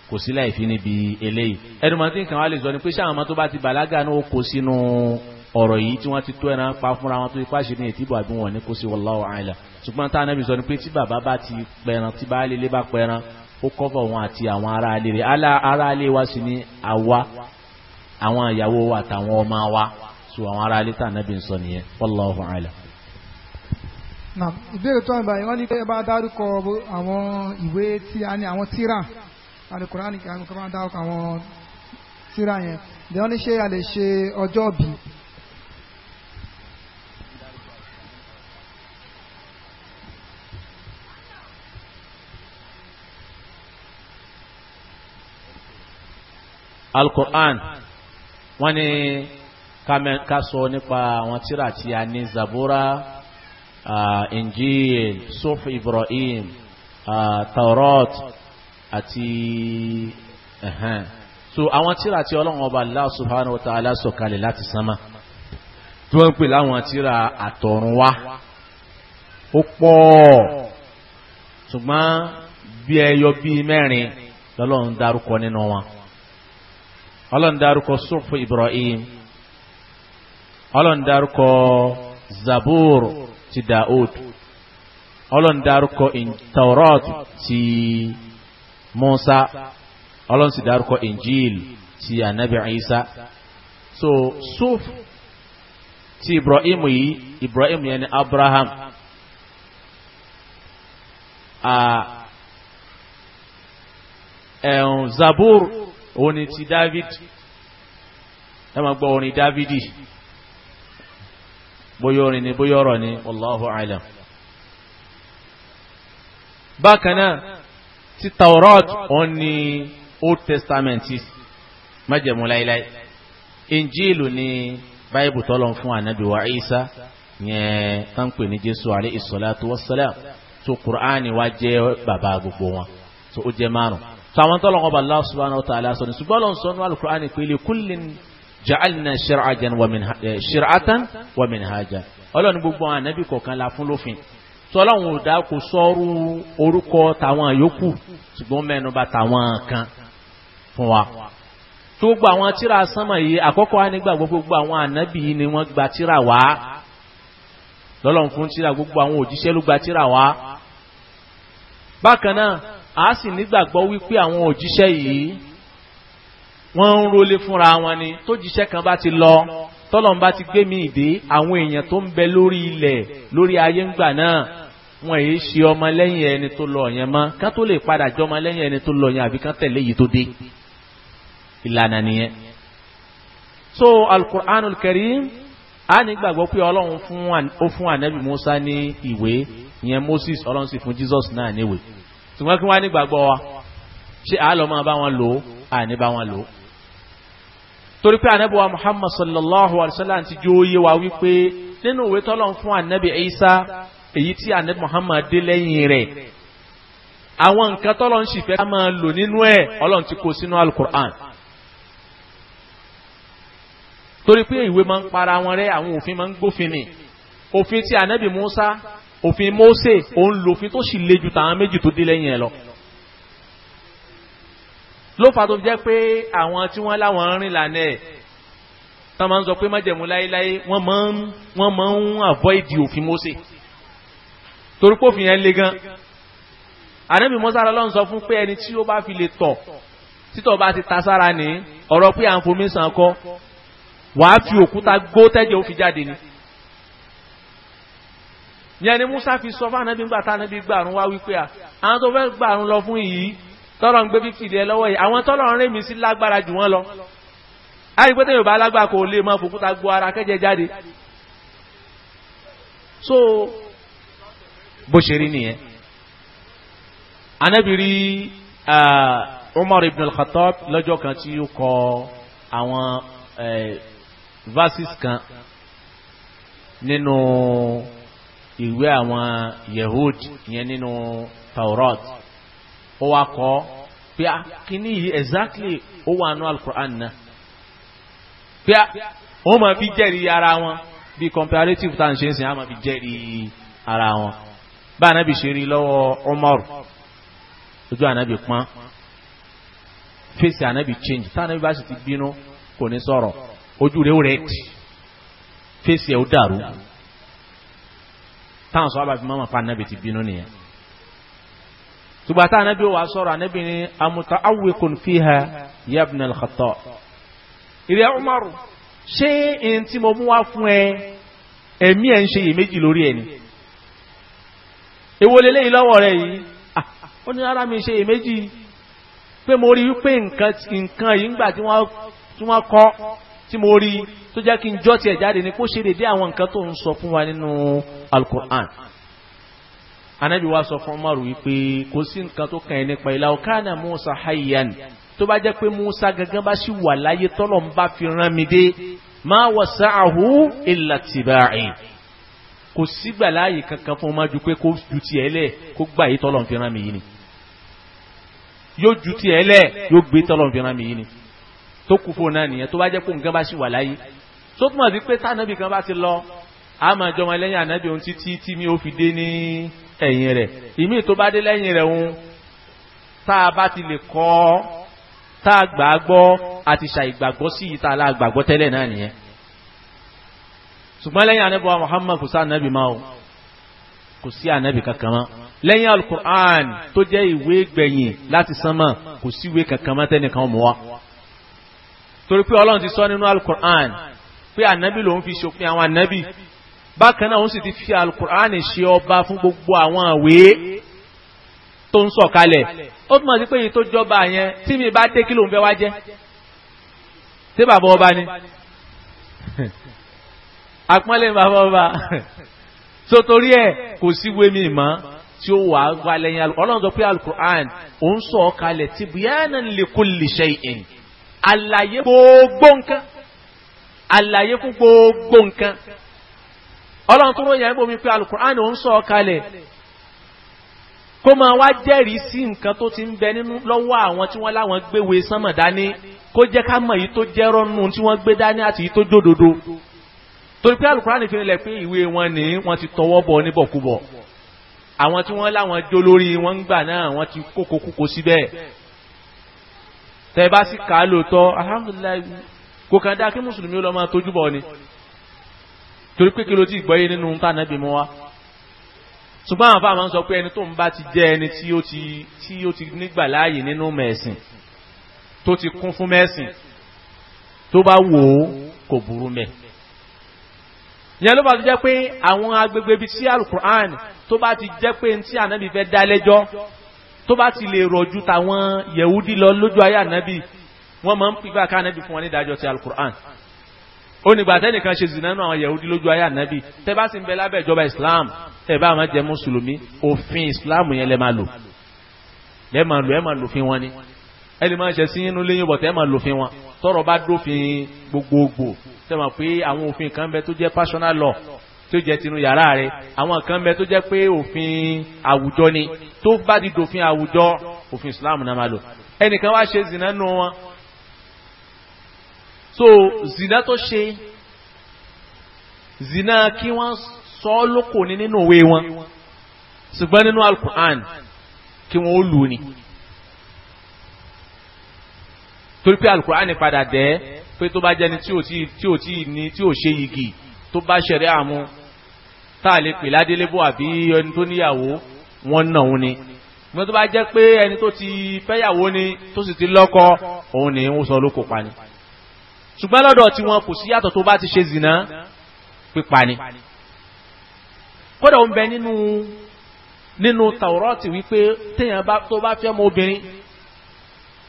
kò sí láì fi níbi eléyìí ẹnu mọ̀tí nǹkan wá lè sọ ni pé sáwọn ọmọ tó bá ti bàlágà náà ó kó sínú ọ̀rọ̀ yìí tí wọ́n ti tó ẹran pa fúnra wọn tó ipá ṣe ní ètí ìbò àbí wọn ní kó sí wallahu a'lam ṣùgbọ́n táwọn ẹbí sọ ni pé tí bàbá bá ti pẹran tí baálé ilé bá pẹran ó kọ́fọ̀ wọn àti àwọn ará alẹ́ rẹ̀ ará alẹ́ wa sì ni àwa àwọn ìyàwó wa àtàwọn ọmọ wa so àwọn ará alẹ́ tàn nábì ń sọ nìyẹn wallahu a'lam. nà ìbéèrè tó ń bá yẹn wọ́n ní pé bá dárúkọ àwọn ìwé tí a ní àwọn tíra àlùkùránì kí a máa dárúkọ àwọn tíra yẹn lẹ́yìn wọ́n ní ṣé a lè ṣe ọjọ́ bíi Al-Qur'an wọ́n ní ká sọ nípa àwọn tírà tí a ní Zabura Injil Suhuf Ibrahim Taurat àti ẹ̀hẹ́n so àwọn tírà tí Ọlọ́run Ọba Allah subhanahu wa ta'ala sọ̀kalẹ̀ láti sánmà tí wọ́n ń pè láwọn tírà àtọ̀run wá ó pọ̀ ṣùgbọ́n bí ẹyọ bí mẹ́rin lọ́lọ́run dárúkọ nínú wọn ọlọ́run dárúkọ sọ́fù Ibrahim ọlọ́run dárúkọ Zabur ti Daud ọlọ́run dárúkọ Taurat ti Musa ọlọ́run sì dárúkọ Injil ti Anabi Isa so sọ́fù ti Ibrahim yìí Ibrahim yẹn ni Abraham ah, ẹ̀hún Zabur òun ni ti David ẹ máa gbọ́ orin Davidi bóyá orin ni bóyá ọ̀rọ̀ ni wallahu alam bákan náà ti Taurat òun ni Old Testament májẹ̀mú láíláí Injilu ni báyìbù tọ́lọ̀ fún ànábì wa Isa yẹn tán pè ní Jésù alayhi salatu wassalam tó Kùránì wá jẹ́ bàbá gbogbo wọn tó ó jẹ́ márùn-ún sàwọn tó lọ́kọ́ bá Allah subhanahu wa ta'ala sọ ni ṣùgbọ́n lọ́n sọ ní alukur'an pé li kullin ja'alna shir'atan wa eh, minhaja ọlọ́run gbogbo àwọn ànábì kọ̀ọ̀kan la fún lófin tọ́lọ́run ò dá kó sọ́ọ́rù orúkọ tàwọn yòókù ṣùgbọ́n mẹ́nu bá tàwọn kan fún wa tó gbogbo àwọn tíra sánmà yìí àkọ́kọ́ á gbogbo àwọn ànábì yìí ni wọ́n gba tíra wá lọ́lọ́run fún tíra gbogbo àwọn òjíṣẹ́ ló gba tíra wá bákan náà a sì nígbàgbọ́ wípé àwọn òjíṣẹ́ yìí wọ́n ń rólé fúnra wọn ni tó jíṣẹ́ kan bá ti lọ tọ́lọ́n bá ti gbé mi ìdè àwọn èèyàn tó ń bẹ lórí ilẹ̀ lórí ayé ńgbà náà wọn èyí ṣe ọmọ lẹ́yìn ẹni tó lọ yẹn mọ́ kán tó lè padà jọ ọmọ lẹ́yìn ẹni tó lọ yẹn àbí kán tẹ̀lé yìí tó dé ìlànà nìyẹn. so alukur'anul karim a ní gbàgbọ́ pé ọlọ́run ó fún ànábì musa ní ìwé ìyẹn moses ọlọ́run sì fún jesus náà níwèé ṣùgbọ́n kí wọ́n á nígbàgbọ́ wa ṣé àálọ́ máa bá wọn lò ó àní bá wọn lò ó torí pé ànábì wa Muhammad sallallahu alaihi wasallam ti jó yé wa wípé nínú ìwé tọ́lọ̀ fún ànábì Isa èyí tí ànábì Muhammad dé lẹ́yìn rẹ̀ àwọn nǹkan tọ́lọ̀ ń sì fẹ́ ká lò nínú ẹ̀ ọlọ́run ti kó sínú alukur'an torí pé ìwé máa ń para wọn rẹ́ àwọn òfin máa ń gbófin ni òfin ti ànábì Musa òfin Mósè òun lòfin tó sì le jù tàwọn méjì tó dé lẹ́yìn ẹ̀ lọ ló fà tó fi jẹ́ pé àwọn tí wọ́n láwọn rìn lànà ẹ̀ tán máa ń sọ pé májẹ̀mú láéláé wọ́n máa ń wọ́n máa ń avoid òfin Mósè torí pófin yẹn le gan ànábì Mósè lọ́n sọ fún pé ẹni tí ó bá fi lè tọ̀ títọ̀ bá ti ta sára ní ọ̀rọ̀ pé à ń fomi sàn kọ́ wàá fi òkúta gbó tẹ́jẹ̀ jáde ni yẹn ni Musa fi sọ fún anabi gbà tá anabi gbàrún wá wípé à àwọn tó fẹ́ gbàrún lọ fún yìí tọ́lọ̀ ń gbé fífìdí ẹ lọ́wọ́ yìí àwọn tọ́lọ̀ ń rìn mí sí lágbára jù wọ́n lọ. àyíkó tẹ̀yìn bá lágbára kò lè mọ fòkúta gbọ́ ara kẹ́jẹ jáde. so bó ṣe rí nìyẹn. anabi rí Umar ibn al-Khattab lọ́jọ́ kan tí ó kọ àwọn verses kan nínú. No, ìwé àwọn Yehud yẹn nínú Taurat ó wá kọ pé a ah, kíní yìí exactly ó wà nù alukur'an náà pé a ah, ó máa fi jẹ́rìí ara wọn bí comparative tá à ń ṣe ń sìn á máa fi jẹ́rìí ara wọn bá anabi ṣe rí lọ́wọ́ Umar ojú anabi pọ́n fèsì anabi change tá anabi bá sì ti bínú kò ní sọ̀rọ̀ ojú rẹ̀ ó rẹ̀ tì fèsì ẹ̀ ó dàrú táwọn sọ àbàfi mọ́mọ́ fa anábì ti bínú nìyẹn tùgbà tá anábì wà sọ̀rọ̀ anábì ni amuta awikun fiha yabna al-Khattab ìrẹ́ umaru ṣé ẹni tí mo mú wá fún ẹ ẹ̀mí ẹ̀ ń ṣe iyèméjì lórí ẹni èwo lélẹ́yìn lọ́wọ́ rẹ yìí ah, ó ní rárá mi ṣe iyèméjì pé mo rí wípé nǹkan yìí ń gbà tí wọ́n kọ́ tí mo rí tó jẹ́ kí n jọ́ tiẹ̀ jáde ni kó ṣe dédé àwọn nǹkan tó ń sọ fún wa nínú alukur'an anabi wa sọ fún Umaru wípé kò sí nǹkan tó kàn yín nípa ìlà ọ̀kánà Musa hayyan tó bá jẹ́ pé Musa gangan bá sì wà láyé tọ́lọ̀ ń bá fi rán mi dé ma wasa'ahu illa tiba'i kò sígbà láàyè kankan fún ọmọ ju pé kó ju tiẹ̀ lẹ̀ kó gbà yìí tọ́lọ̀ ń fi rán mi yìí ni yóò ju tiẹ̀ lẹ̀ yóò gbé tọ́lọ̀ ń fi rán mi yìí ni tó kù fún náà nìyẹn tó bá jẹ́ pé nǹkan bá sì wà láyé tó túmọ̀ sí pé tánàbì kan bá ti lọ a máa jọmọ ẹlẹ́yìn ànábì ohun títí tí mi ó fi dé ní ẹ̀yìn rẹ̀ ìmí tó bá dé lẹ́yìn rẹ̀ òun tá a bá ti lè kọ́ tá a gbà á gbọ́ àti ṣàìgbàgbọ́ sí ìta aláàgbàgbọ́ tẹ́lẹ̀ náà nìyẹn ṣùgbọ́n lẹ́yìn ànábì wa Muhammad kò sí ànábì máa o kò sí ànábì kankan mọ́ lẹ́yìn alukur'an tó jẹ́ ìwé gbẹ̀yìn láti sánmà kò síwé kankan mọ́ tẹ́nìkan mọ́ wa torí pé ọlọ́run ti sọ nínú alukur'an pé ànábì lòun fi ṣòfin àwọn ànábì bákan náà òun sì ti fi alukur'an ṣe ọba fún gbogbo àwọn àwé tó ń sọ̀kalẹ̀ ó túmọ̀ sí pé èyí tó jọba yẹn tí mi bá dé kí lòun fẹ́ wá jẹ́ tí bàbá ọba ni [LAUGHS] àpọ́nlé bàbá ọba tó [LAUGHS] torí ẹ̀ kò sí wémi mọ́ tí ó wà wà lẹ́yìn ọlọ́run sọ pé alukur'an òun sọ̀kalẹ̀ tí bíyànà lè kulli shay'in àlàyé gbogbo nǹkan àlàyé fún gbogbo nǹkan ọlọ́run tó ròyìn àìbò mi pé alukur'an ò ń sọ kalẹ̀ kó máa wá jẹ́rìí sí nǹkan tó ti ń bẹ nínú lọ́wọ́ àwọn tí wọ́n láwọn gbéwèé sánmọ̀ dání kó jẹ́ ká mọ̀ èyí tó jẹ́ rọ́nù tí wọ́n gbé dání àti èyí tó jódodo torí pé alukur'an fi rinlẹ̀ pé ìwé wọn ni wọ́n ti tọwọ́ bọ̀ níbọ̀kúbọ̀ àwọn tí wọ́n láwọn jó lórí wọn ń gbà náà wọ́n ti kókó kúkó síbẹ̀ tẹ́ bá sì kà á lóòótọ́ alhamdulilayi kò kàn dáa kí mùsùlùmí ó lọ máa tójú bọ̀ ni torí pé kí ló ti gbọ́yé nínú tá nàbì mọ́ wa ṣùgbọ́n àwọn fáwọn sọ pé ẹni tó ń bá ti jẹ́ ẹni tí ó ti tí ó ti nígbà láàyè nínú mẹ̀sìn tó ti kún fún mẹ̀sìn tó bá wò ó kò burú mẹ́ ìyẹn ló bá ti jẹ́ pé àwọn agbègbè bíi tí alukur'an tó bá ti jẹ́ pé ní tí ànábì fẹ́ dá lẹ́jọ́ tó bá ti lè rọ̀jú táwọn yẹ̀wúdí lọ lójú ayé ànábì wọ́n máa ń pìgbà ká ànábì fún wọn ní ìdájọ́ ti alukur'an ó nígbà tẹ́nìkan ṣe zìnà nínú àwọn yẹ̀wúdí lójú ayé ànábì tẹ́ bá sì ń bẹ lábẹ́ ìjọba islam tẹ́ bá máa jẹ́ mùsùlùmí òfin islam yẹn lẹ́ máa lò lẹ́ máa lò ẹ́ máa lòfin wọn ni ẹ lè máa ṣe sí inú léyìn bọ̀tẹ́ máa lòfin wọn tọ́rọ̀ bá dófin gbogbogbò tẹ́ mọ̀ pé àwọn òfin kan bẹ tó jẹ́ personal law tó jẹ́ tinú yàrá rẹ̀ àwọn kan bẹ tó jẹ́ pé òfin àwùjọ ni tó bá di dòfin àwùjọ òfin islam náà máa lò ẹnìkan wá ṣe zina nù wọn so zina tó ṣe zina kí wọ́n sọ ọ́ lóko ní nínú òwe wọn ṣùgbọ́n nínú alukur'an kí wọ́n ó lù ní torí pé alukur'an padà dẹ́ pé tó bá jẹ́ni tí ò tí ò ní tí ò ṣe yìgì tó bá ṣẹ̀rẹ́ àmú táà pè ládélébò àbí ẹni tó níyàwó wọ́n nà ni mo tó bá jẹ́ pé ẹni tó ti fẹ́yàwó ni tó sì ti lọ́kọ òun ni ó sọ lóko pani ṣùgbọ́n lọ́dọ̀ tí wọn kò sí yàtọ̀ tó bá ti ṣe zìnà pípa ni kódà ń bẹ nínú nínú tàwọ́rọ́ọ̀tì wípé téèyàn tó bá fẹ́ mọ obìnrin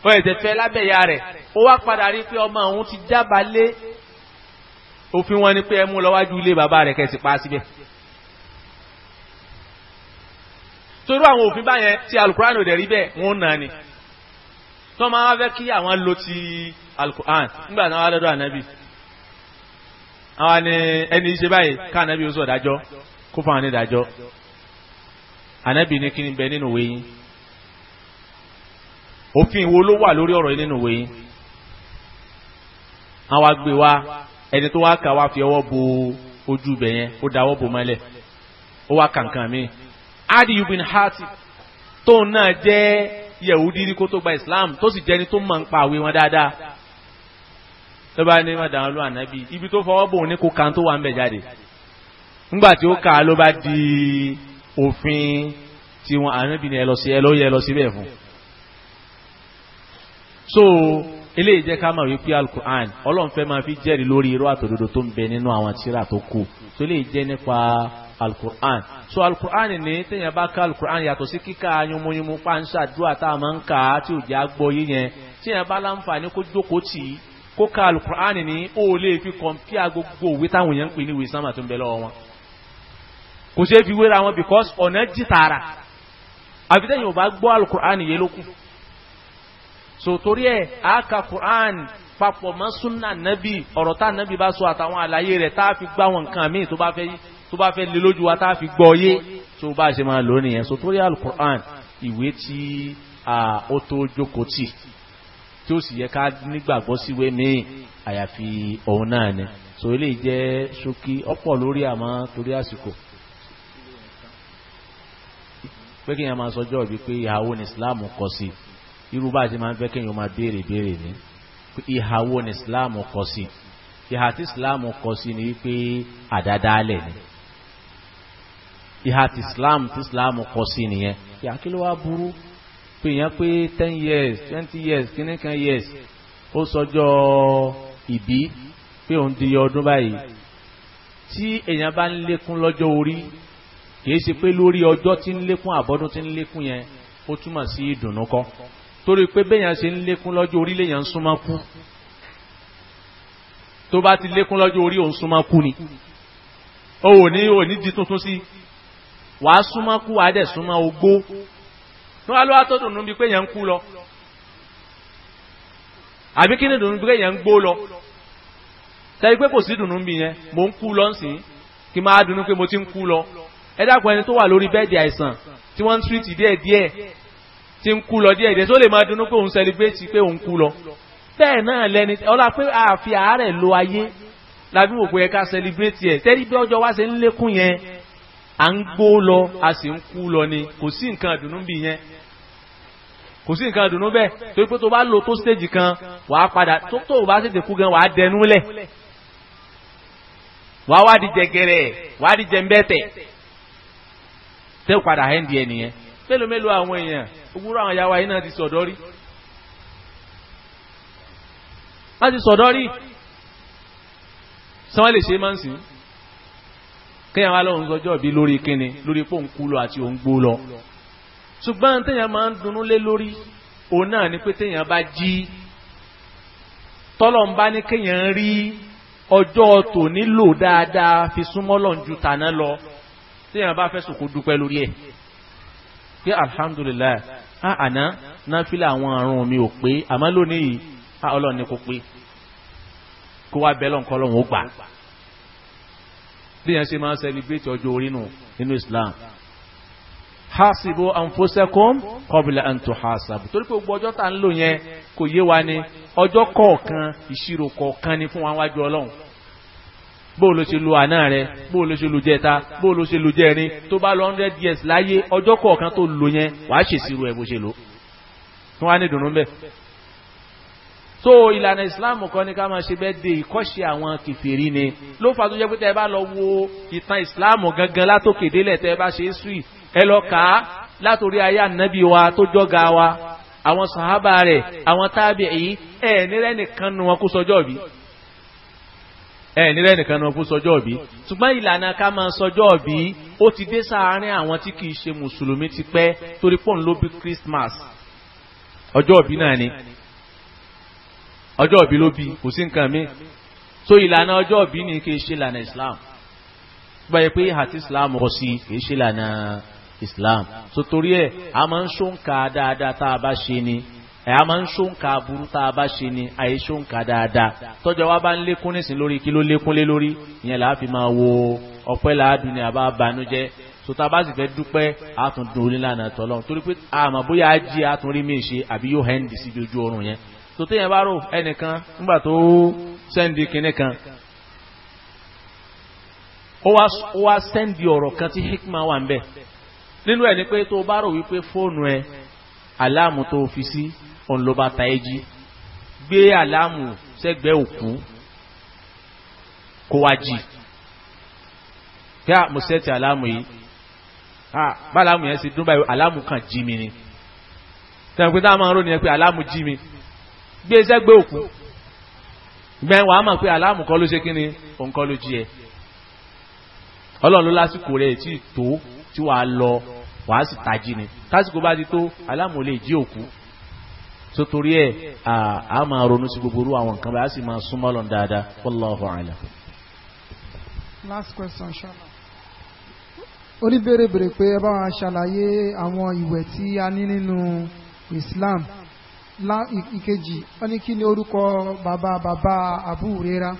ó ẹ̀dẹ̀ lábẹ́yà rẹ̀ ó wá padà rí pé ọmọ òun ti jábàálé òfin wọn ni pé ẹ mú lọ́wájú ilé bàbá rẹ̀ kẹsì pa síbẹ̀. torí àwọn òfin báyẹn tí alukuran ò dẹ̀ rí bẹ́ẹ̀ wọ́n nà ni tó máa fẹ́ kí àwọn lo ti alukuran nígbà tí wọ́n wá lọ́dọ̀ ànábì àwọn ni ẹni ṣe báyìí ká ànábì ó sọ dájọ́ kó fún ní dájọ́ ànábì bẹ nínú yín òfin wo ló wà lórí ọ̀rọ̀ yín nínú ìwé yín àwọn àgbè wa. ẹni tó wá kà wá fi ọwọ́ bo ojú ibẹ̀ yẹn ó da ọwọ́ bo mọ́lẹ̀ ó wá kankan mi Adiyu bin Hatim tóun náà jẹ́ yẹ̀wúdí rí kó tó gba Islam tó sì jẹ́ni tó máa ń pa àwé wọn dáadáa tó bá ní wọn dàwọn ló ànábì ibi tó fọwọ́ bò ní kó kan tó wà ń bẹ̀ jáde nígbà tí ó kà ló bá di òfin tiwọn wọn ànábì ni ẹ lọ sí ẹ lọ yẹ ẹ lọ síbẹ̀ fún so. eléyìí jẹ́ ká máa wí pé alukur'an ọlọ́run fẹ́ máa fi jẹ́rìí lórí irọ́ àtòdodo tó ń bẹ nínú àwọn tírà tó kù tó lè jẹ́ nípa alukur'an so alukur'an ní téèyàn bá ká alukur'an yàtọ̀ sí kíkà yúnmúyúnmú pàǹṣà dúà tá a máa ń kà á tí ò jẹ́ àgbọ̀ yí yẹn téèyàn bá láǹfààní kó jókòó tì í kó ká alukur'an ní ó lè fi kọ̀ǹpìà gbogbo òwe táwọn èèyàn ń pè ní ìwé sámà tó ń bẹ lọ́wọ́ wọn kò ṣeé because ọ̀nà jì tààrà àfitẹ́yìn ò bá gbọ́ alukur'an so torí ẹ̀ a ka Quran papọ̀ mọ́ súnà nábì ọ̀rọ̀ tá nábì bá sọ àtàwọn àlàyé rẹ̀ tá a fi gbá wọn nǹkan míì tó bá fẹ́ tó bá fẹ́ lé lójú wa tá a fi gbọ́ yé tó bá ṣe máa lò nìyẹn so al-Quran ìwé tí ó tó jókòó tì tí ó sì yẹ ká nígbàgbọ́ síwé míì àyàfi òun náà ni so ilé jẹ́ ṣókí ọ̀pọ̀ lórí àmọ́ torí àsìkò pé kí n máa sọjọ́ ìbí pé ìhàwó ní Islam kọ sí i irú bá a ti máa ń fẹ́ kéèyàn máa béèrè béèrè ní ìhà wo ni islam kọ sí ìhà tí islam kọ sí ni wípé àdádálẹ̀ ni ìhà tí islam tí islam kọ sí nìyẹn ìhà kí ló wá burú pé èèyàn pé ten years twenty years kíní kan years ó sọjọ́ ìbí pé òun di ọdún báyìí tí èèyàn bá ń lékún lọ́jọ́ orí kì í ṣe pé lórí ọjọ́ tí ń lékún àbọ́dún tí ń lékún yẹn ó túmọ̀ sí ìdùnnú kọ́ torí pé béèyàn ṣe ń lékún lọ́jọ́ orí léèyàn ń súnmọ́ kú tó bá ti lékún lọ́jọ́ orí òun súnmọ́ kú ni o ní o ní di tuntun sí wàá súnmọ́ kú wàá dẹ̀ súnmọ́ ogbó tó wá ló wá tó dùnú bíi pé èèyàn ń kú lọ àbí kí ni dùnú bíi pé èèyàn ń gbó lọ tẹ́lẹ̀ pé kò sí dùnú bíi yẹn mò ń kú lọ sí kí máa dùnú pé mo ti ń kú lọ ẹ dákun ẹni tó wà lórí bẹ́ẹ̀dì àìsàn tí wọ́n ń túwìtì díẹ̀díẹ̀ tí ń kú lọ díẹ̀ díẹ̀ tó lè máa dunú pé òun celebrate pé òun kú lọ bẹ́ẹ̀ náà lẹni ọlá pé àfi àárẹ̀ lo ayé lábí wò pé ẹka celebrate ẹ̀ tẹ́lí bí ọjọ́ wá ṣe ń lékún yẹn à ń gbó lọ a sì ń kú lọ ni kò sí nǹkan dùnú bì yẹn kò sí nǹkan dùnú bẹ́ẹ̀ torí pé tó bá lo tó stage kan wàá padà tó tó bá tètè kú gan wàá dẹnu lẹ̀ wàá wá di jẹgẹrẹ wàá di jẹmbẹ́tẹ̀ tẹ́ padà ẹ̀ ẹ̀ nìyẹn mélòó mélòó àwọn èèyàn òwúrọ̀ àwọn ìyàwó ayé náà ti sọ̀dọ́ rí wọ́n ti sọ̀dọ́ rí sọ́wọ́n lè ṣe máa ń sìn kéèyàn wá lọ́run sọjọ́ bí lórí kíni lórí pò ń kú lọ àti òun gbó lọ ṣùgbọ́n téèyàn máa ń dunnú lé lórí òun náà ni pé téèyàn bá jí tọ́lọ̀ ń bá ní kéèyàn rí ọjọ́ tò nílò dáadáa fi súnmọ́ lọ́njú tàná lọ téèyàn bá fẹ́ sòkò dúpẹ́ lórí ẹ̀ pé alhamdulilayi a àná náfìlà àwọn àrùn mi ò pé àmọ́ lónìí a ọlọ́ọ̀ni kò pé kó wá bẹ́ẹ̀ lọ́nkọ́ lọ́hùn ó gbà bí yẹn ṣe máa ń sẹlẹ̀bírẹ̀tì ọjọ́ orí nù nínú Islam hasibu anfusakum qabla an tuhasabu torí pé gbogbo ọjọ́ tá ń lò yẹn kò yé wa ni ọjọ́ kọ̀ọ̀kan ìṣirò kọ̀ọ̀kan ni fún wa wájú Ọlọ́run bó ló ṣe lu àná rẹ bó ló ṣe lu jẹta bó ló ṣe lu jẹrin tó bá lọ hundred years láyé ọjọ́ kọ̀ọ̀kan tó lò yẹn wàá ṣèṣirò ẹ̀ bó ṣe lò tó wá ní ìdùnnú bẹ́ẹ̀. so ìlànà islam kan ní ká máa ṣe bẹ́ẹ̀ de ìkọ́ṣe àwọn kìfèrí ni ló fà tó jẹ́ pé tẹ́ ẹ bá lọ wo ìtàn islam gangan látòkè délẹ̀ tẹ́ ẹ bá ṣe é sùn ẹ lọ kà á látòrí ayé ànábì wa tó jọ́ga wa àwọn sàhábà rẹ̀ àwọn tábìí ẹ̀ nírẹ́ nu wọn kó sọjọ́ bíi ẹ nírẹ́ nìkan náà fún sọjọ́ ọ̀bí ṣùgbọ́n ìlànà ká máa sọjọ́ ọ̀bí ó ti dé sáárín àwọn tí kìí ṣe mùsùlùmí ti pẹ́ torí pọ́n ló bí Christmas ọjọ́ ọ̀bí náà ni ọjọ́ ọ̀bí ló bí kò sí nǹkan mi so ìlànà ọjọ́ ọ̀bí ni kìí ṣe ìlànà Islam gbọ́ yẹ pé àti Islam rọ̀ sí kìí ṣe ìlànà Islam so torí ẹ̀ a máa ń ṣóǹkà dáadáa tá a bá ṣe ni ẹ̀ a máa ń ṣóǹkà burú tá a bá ṣe ni àyè ṣóǹkà dáadáa tọ́jọ́ wa bá ń lékún nísìn lórí kí ló lékún lé lórí ìyẹn là máa wo ọpẹ́ làádùn ni àbá banújẹ́ sota bá sì fẹ́ dúpẹ́ a tún dùn onílànà tọ́lọ́run torí pé àmọ́ bóyá a jí a tún rí mí ṣe àbí yóò hẹ́ndì sí ojú oorun yẹn tòtí yẹn bá rò ẹnìkan nígbà tó sẹ́ndì kinní kan ó wá sẹ́ndì ọ̀rọ̀ kan tí hikma wà ń nínú ẹ̀ ni pé tó bá rò wípé fóònù ẹ aláàmù tó fi sí òun ló bá ta ẹ jí gbé àlámù sẹ́gbẹ́ òkú kó wá jì kí a mo sẹ́ẹ̀tì àlámù yìí a bá àlámù yẹn ṣe dún báyìí àlámù kan jí mi ni tẹ̀wọ̀n pé táwọn máa ń rò nìyẹn pé àlámù jí mi gbé sẹ́gbẹ́ òkú gbẹ̀yìn wàá mọ̀ pé àlámù kọ́ ló ṣe kí ni òun kọ́ ló jí ẹ ọlọ́run ló lásìkò rẹ̀ tí tó tí wàá lọ wàá sì tají ni tásìkò bá ti tó àlámù lè òkú so torí ẹ̀ a máa ronú sí gbogbo orú àwọn nǹkan bá a sì máa súnmọ́ lọ dáadáa wallahu a'lam. last question ṣọlá oníbèrèbèrè pé ẹ bá wa ṣàlàyé àwọn ìwẹ̀ tí a ní nínú Islam ìkejì wọ́n ní kí ni orúkọ bàbá bàbá Abu Huraira.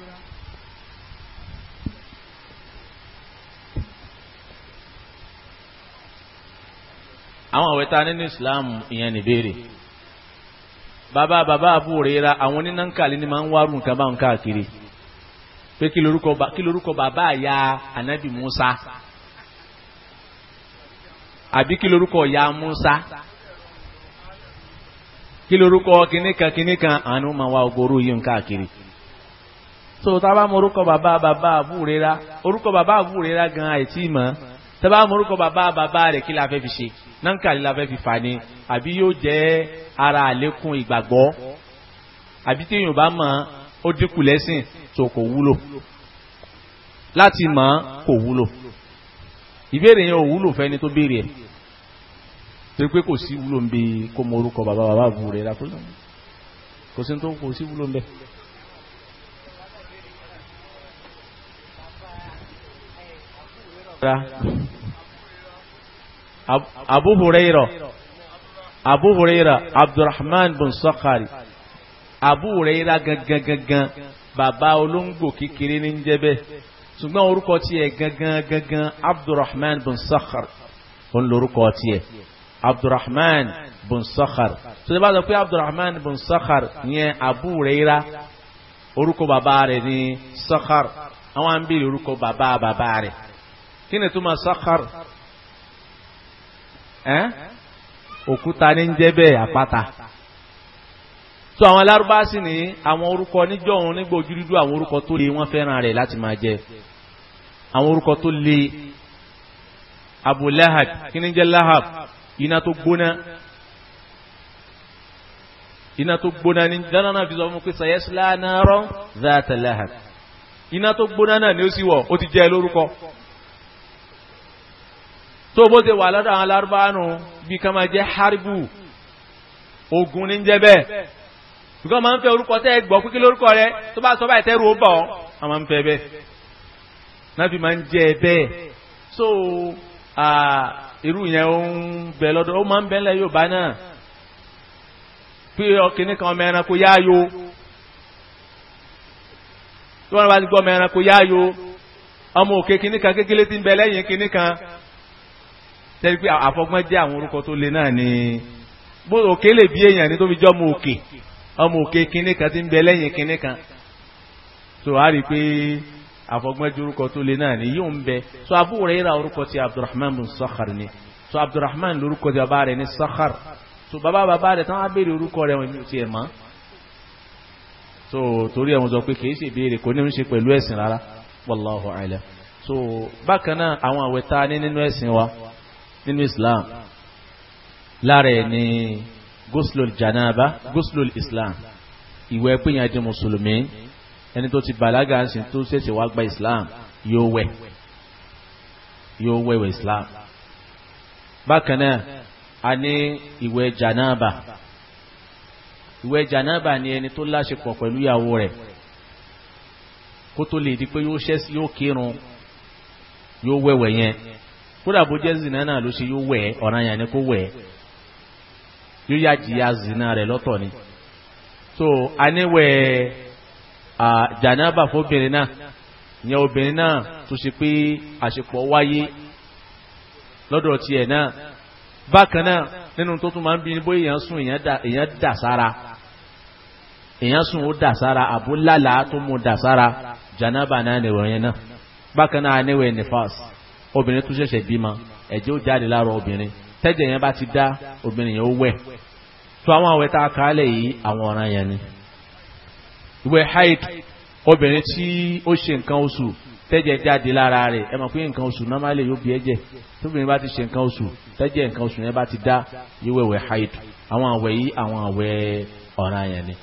àwọn àwẹ̀ta nínú Islam ìyẹn nìbéèrè bàbá bàbá Abu Huraira àwọn onínàǹkàlì ni máa ń wárù nǹkan bá ń káàkiri pé kí lorúkọ bàbá àyà anabi Musa àbí kí lorúkọ ìyá Musa kí lorúkọ kìnnìkan kìnnìkan àánú máa wá ogoro yìí ń káàkiri so tábà mọ orúkọ bàbá bàbá Abu Huraira orúkọ bàbá Abu Huraira gan àìtí mọ tábà mọ bàbá bàbá rẹ̀ kí la fẹ́ fi ṣe nankali la fẹ́ fi fà ni àbí yóò jẹ́ ara àlékún ìgbàgbọ́ àbí tí èèyàn bá mọ̀ ó dínkù lẹ́sìn tó kò wúlò láti mọ̀ kò wúlò ìbéèrè yẹn ò wúlò fẹ́ni tó béèrè ẹ̀ torí pé kò sí wúlò ń kó mọ orúkọ bàbá bàbá àbúrò rẹ̀ lápúlọ̀ kò sí tó kò sí wúlò ń Gracias abu huraira abu huraira abdulrahman bin sakari abu huraira gangan gangan bàbá olóńgbò kékeré ní jẹ́bẹ̀ ṣùgbọ́n orúkọ tiẹ̀ gangan gangan abdulrahman bin sakari ó ń lo orúkọ tiẹ̀ abdulrahman bin sakari tó ti bá sọ pé abdulrahman bin sakari yẹn abu huraira orúkọ bàbá rẹ̀ ní sakari àwọn àmì bí orúkọ bàbá bàbá rẹ̀ kí ni tó máa sakari òkúta ní ń jẹ́ bẹ́ẹ̀ àpáta tó àwọn alárúbá sì ní àwọn orúkọ níjọ́ òun nígbà ojú dúdú àwọn orúkọ tó le wọ́n fẹ́ràn rẹ̀ láti máa jẹ àwọn orúkọ tó le Abu Lahab kí ni jẹ́ Lahab iná tó gbóná iná tó gbóná ní dáná fi sọ fún pé sayasla naran zata lahab iná tó gbóná náà ni ó sì wọ̀ ó ti jẹ́ lórúkọ so bó ṣe wà lọ́dọ̀ àwọn alárúbánu bí kan máa jẹ́ haribu ogun ní jẹ́ bẹ́ẹ̀ ṣùgbọ́n máa ń fẹ́ orúkọ tẹ́ gbọ́ pé kí lórúkọ rẹ tó bá sọ báyìí ó bọ̀ ọ́ máa ń fẹ́ bẹ́ẹ̀ náà fi ń jẹ́ bẹ́ẹ̀ so irú yẹn ó ń bẹ lọ́dọ̀ ó máa ń bẹ́ẹ̀ lẹ́ Yorùbá náà pé ọkìnrin kan ọmọ ẹranko yáyó tí wọ́n bá ti gbọ́ ọmọ ẹranko yáyó ọmọ òkè kìnnìkan kékeré ti ń bẹ lẹ́yìn kìnnìkan tẹ́rí pé àfọgbọ́n jẹ́ àwọn orúkọ tó le náà ni bóòlù òkè lè bí èèyàn ní tó fi jọ́ ọmọ òkè ọmọ òkè kinní kan ti ń bẹ lẹ́yìn kinní kan so a rí pé àfọgbọ́n jẹ́ orúkọ tó le náà ni yóò ń bẹ so Abu Hurairah orúkọ ti Abdurrahman bin Sakhar ni so Abdurrahman lórúkọ ti bàbá rẹ̀ ní Sakhar so bàbá bàbá rẹ̀ táwọn abéèrè orúkọ rẹ̀ wọn ti ẹ̀ mọ́ so torí ẹ̀ wọ́n sọ pé kì í ṣe ìbéèrè kò ní ń ṣe pẹ̀lú ẹ̀sìn rárá wallahu a'lam so bákan náà àwọn àwẹ̀ta ní nínú ẹ̀sìn nínú Islam lára ẹ̀ ni goslul janaba goslul Islam ìwẹ̀ pé yẹn di mùsùlùmí ẹni tó ti bàlágà ń sin tó ṣẹ̀ṣẹ̀ wá gba Islam yóò wẹ̀ yóò wẹ̀wẹ̀ Islam bákan náà a ní ìwẹ̀ janaba ìwẹ̀ janaba ni ẹni tó láṣepọ̀ pẹ̀lú ìyàwó rẹ̀ kó tó lè di pé yóò ṣẹ́ sí yóò kírun yóò wẹ̀wẹ̀ yẹn kódà bó jẹ́ zina náà ló ṣe yóò wẹ̀ ọ̀ràn yẹn ni kó wẹ̀ yóò yá jìyà zina rẹ̀ lọ́tọ̀ ni so aníwẹ̀ jànábà fóbìnrin náà ìyẹn obìnrin náà tó ṣe pé àṣepọ̀ wáyé lọ́dọ̀ tiẹ̀ náà bákan náà nínú tó tún máa ń bí ní bóyá èèyàn sùn èèyàn dà sára èèyàn sùn ó dà sára àbúlálà tó mú dà sára jànábà náà nìwọ̀nyẹn náà bákan náà aníwẹ̀ nífàsì obìnrin tó ṣẹ̀ṣẹ̀ bímọ ẹ̀jẹ̀ ó jáde lára obìnrin tẹ́jẹ̀ yẹn bá ti dá obìnrin yẹn ó wẹ̀ tó àwọn àwẹ̀ tá a kà á lẹ̀ yìí àwọn ọ̀ràn yẹn ni. ìwẹ̀ haid obìnrin tí ó ṣe nǹkan oṣù tẹ́jẹ̀ jáde lára rẹ̀ ẹ mọ̀ pé nǹkan oṣù normally yóò bí ẹ̀jẹ̀ tóbìnrin bá ti ṣe nǹkan oṣù tẹ́jẹ̀ nǹkan oṣù yẹn bá ti dá yíwẹ̀ wẹ̀ haid àwọn àwẹ̀ yìí àwọn àwẹ̀ ọ̀ràn yẹn ni.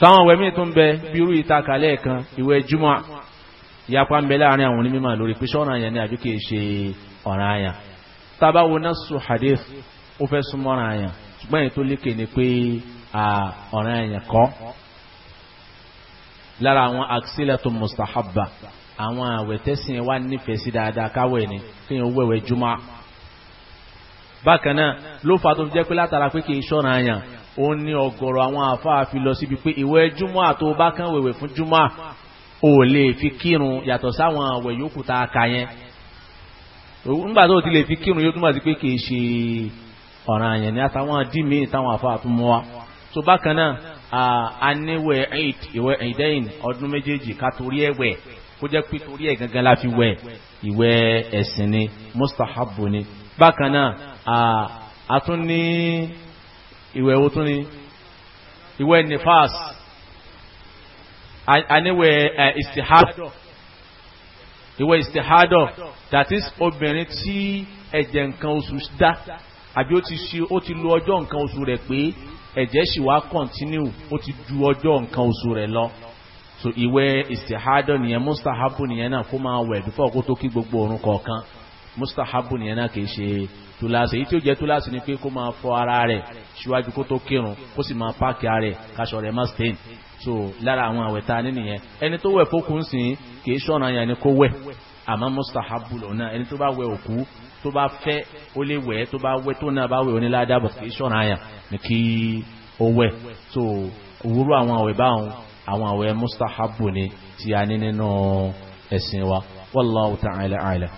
táwọn àwẹ̀ míì tó ń bẹ bí irú ìtakàlẹ̀ kan ìwẹ̀ jùmọ̀ ìyapa ń bẹ láàrin àwọn onímọ̀ lórí pé ṣọ́nà yẹn ni àjú kìí ṣe ọ̀ràn àyàn tábà wo nasu hadith ó fẹ́ súnmọ́ ọ̀ràn àyàn ṣùgbọ́n èyí tó lékè ni pé ọ̀ràn àyàn kọ́ lára àwọn aksílẹ̀tò mustahabba àwọn àwẹ̀ tẹ́sìn wa nífẹ̀ẹ́ sí dáadáa káwẹ̀ ni kí n wẹ̀wẹ̀ jùmọ̀ bákan náà ló fà tó fi jẹ́ pé látara pé kìí ṣọ́nà àyàn ó ní ọ̀gọ̀rọ̀ àwọn àfáà fi lọ síbi pé ìwẹ̀ jùmọ̀ àtòbákan wẹ̀wẹ̀ fún jùmọ̀ o lè fi kírun yàtọ̀ sáwọn àwẹ̀ yòókù tá a kà yẹn nígbà tó o ti lè fi kírun yóò túmọ̀ sí pé kìí ṣe ọ̀ràn àyàn ní àtàwọn dìmí táwọn àfa àtúmọ̀ wa tó bákan náà a níwẹ̀ eid ìwẹ̀ eidain ọdún méjèèjì ká torí ẹ̀ wẹ̀ kó jẹ́ pé torí ẹ̀ gangan la fi wẹ̀ ìwẹ̀ ẹ̀sìn ni mustahabu ni bákan náà a tún ní ìwẹ̀ wo ni ìwẹ̀ nifas the àní wẹ̀ uh, ẹ̀ istihadọ̀ ìwẹ̀ istihadọ̀ that is obìnrin tí ẹ̀jẹ̀ nǹkan oṣù dá àbí ó ti ṣe ó ti lo ọjọ́ nǹkan oṣù rẹ̀ pé ẹ̀jẹ̀ sì wá continue ó ti ju ọjọ́ nǹkan oṣù rẹ̀ lọ so ìwẹ̀ istihadọ̀ nìyẹn mustahabu nìyẹn náà kó máa wẹ̀ bífọ̀ kó tó kí gbogbo òórùn kọ̀ọ̀kan mustahabu nìyẹn náà kì í ṣe tùlàsì èyí tí ó jẹ́ tùlàsì ni pé kó máa fọ ara rẹ̀ síwájú kó tó kírun kó sì máa páàkì ara rẹ̀ káṣọ má stain so lára àwọn àwẹ̀ ta ní nìyẹn ẹni tó wẹ̀ fókun sí kì í ṣọ̀nà yẹn ni kó wẹ̀ àmọ́ mustahabu lọ́nà ẹni tó bá wẹ̀ òkú tó bá fẹ́ ó lè wẹ̀ tó bá wẹ̀ tó náà bá wẹ̀ oníládàbọ̀ kì í ṣọ̀nà ni kí ó wẹ̀ so òwúrọ̀ àwọn àwẹ̀ báwọn àwọn àwẹ̀ mustahabu ni tí a ní nínú ẹ̀sìn wa wallahu ta'ala a'lam.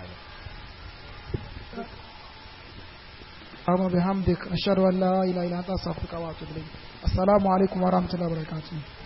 اللهم السلام عليكم ورحمة الله وبركاته